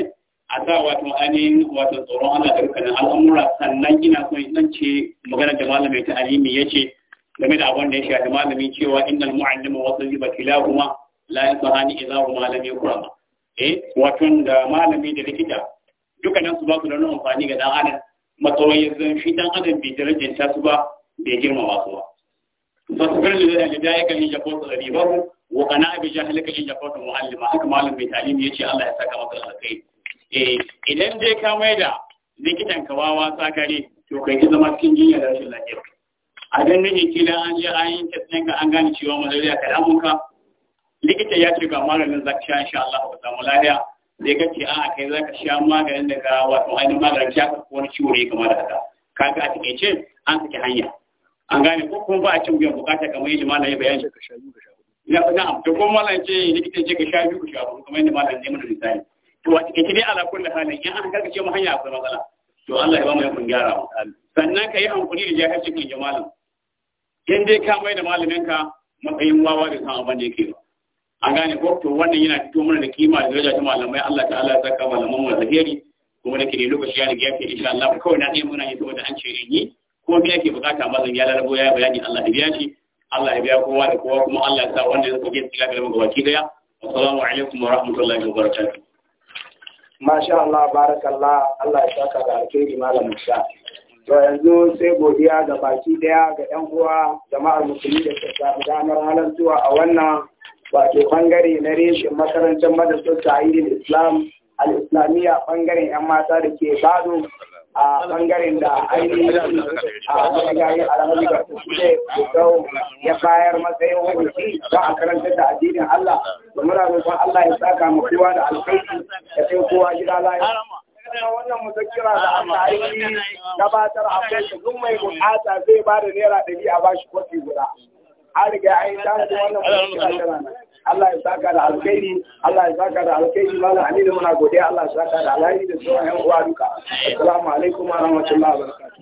a sa wato ainihin wato tsoron Allah da dukkanin al'amura sannan ina son in ce magana da malamai ta alimi yace game da abin da ya shafi malami cewa innal mu'allima wa sahiba kilahuma la yasahani idza huma malami kurama eh wato da malami da likita dukkanin su ba su da wani amfani ga dan adam matsawai zan shi dan adam bai darajanta su ba bai girmama su ba ya li hidayaka su jafawta dhabibahu wa qana bi jahlika in jafawta muallima haka malam bai talimi yace Allah ya saka maka alkai eh idan dai ka da likitan ka wawa sakare to kai ki zama cikin jinya da rashin lafiya a dan ki da an je an yi test ka an gane cewa malaria ka damun ka likita ya ce ga malamin zakiya insha Allah ba samu lafiya sai ka ce a kai za ka sha maganin daga wato ainihin maganin sha ka wani ciwo ne kamar haka kaga a cikin ce, an saki hanya an gane ko kuma ba a cin biyan bukata kamar yadda malam ya bayani na na to kuma malam ce likita ce ka sha biyu ka sha kamar yadda malam ya mana misali to a cikin dai ala kullu halin in an ce mu hanya akwai matsala to Allah ya ba mu gyara mu sannan ka yi hankuri da kan in dai ka mai da malamin ka matsayin wawa da san abin da yake ba an gane ko to wannan yana fito mana da kima da daraja ta malamai Allah ta'ala ya saka malaman mu zahiri kuma nake ne lokaci ya riga yake insha Allah kawai na dai muna yi saboda an ce in yi kuma me yake bukata mazan ya lalabo ya bayani Allah da biya shi Allah ya biya kowa da kowa kuma Allah ya sa wanda ya soke tsiga da mu gabaki daya assalamu alaikum wa rahmatullahi wa barakatuh masha Allah barakallah Allah ya saka da alkhairi malamin sha to yanzu sai godiya ga baki daya ga yan uwa jama'ar musulmi da ke gudanar ranar zuwa a wannan wato bangare na reshen makarantar madasar tahirin islam al-islamiyya bangaren 'yan mata da ke bado a bangaren da ainihin a marigayi alhaji ga kusure kusau ya bayar matsayin hukunci don a karanta da addinin Allah da muna roƙon Allah ya saka mu kowa da alkhairi ya kai kowa gida lafiya wannan muzakira da aka yi gabatar a shi mai bukata zai ba da naira ɗari a bashi kwafi guda an riga an yi tanadi wannan mutum tana nan Allah ya saka da alkhairi Allah ya saka da alkhairi malam Aminu muna godiya Allah ya saka da alkhairi da sauran ƴan uwa duka assalamu alaikum wa rahmatullahi wa barakatuh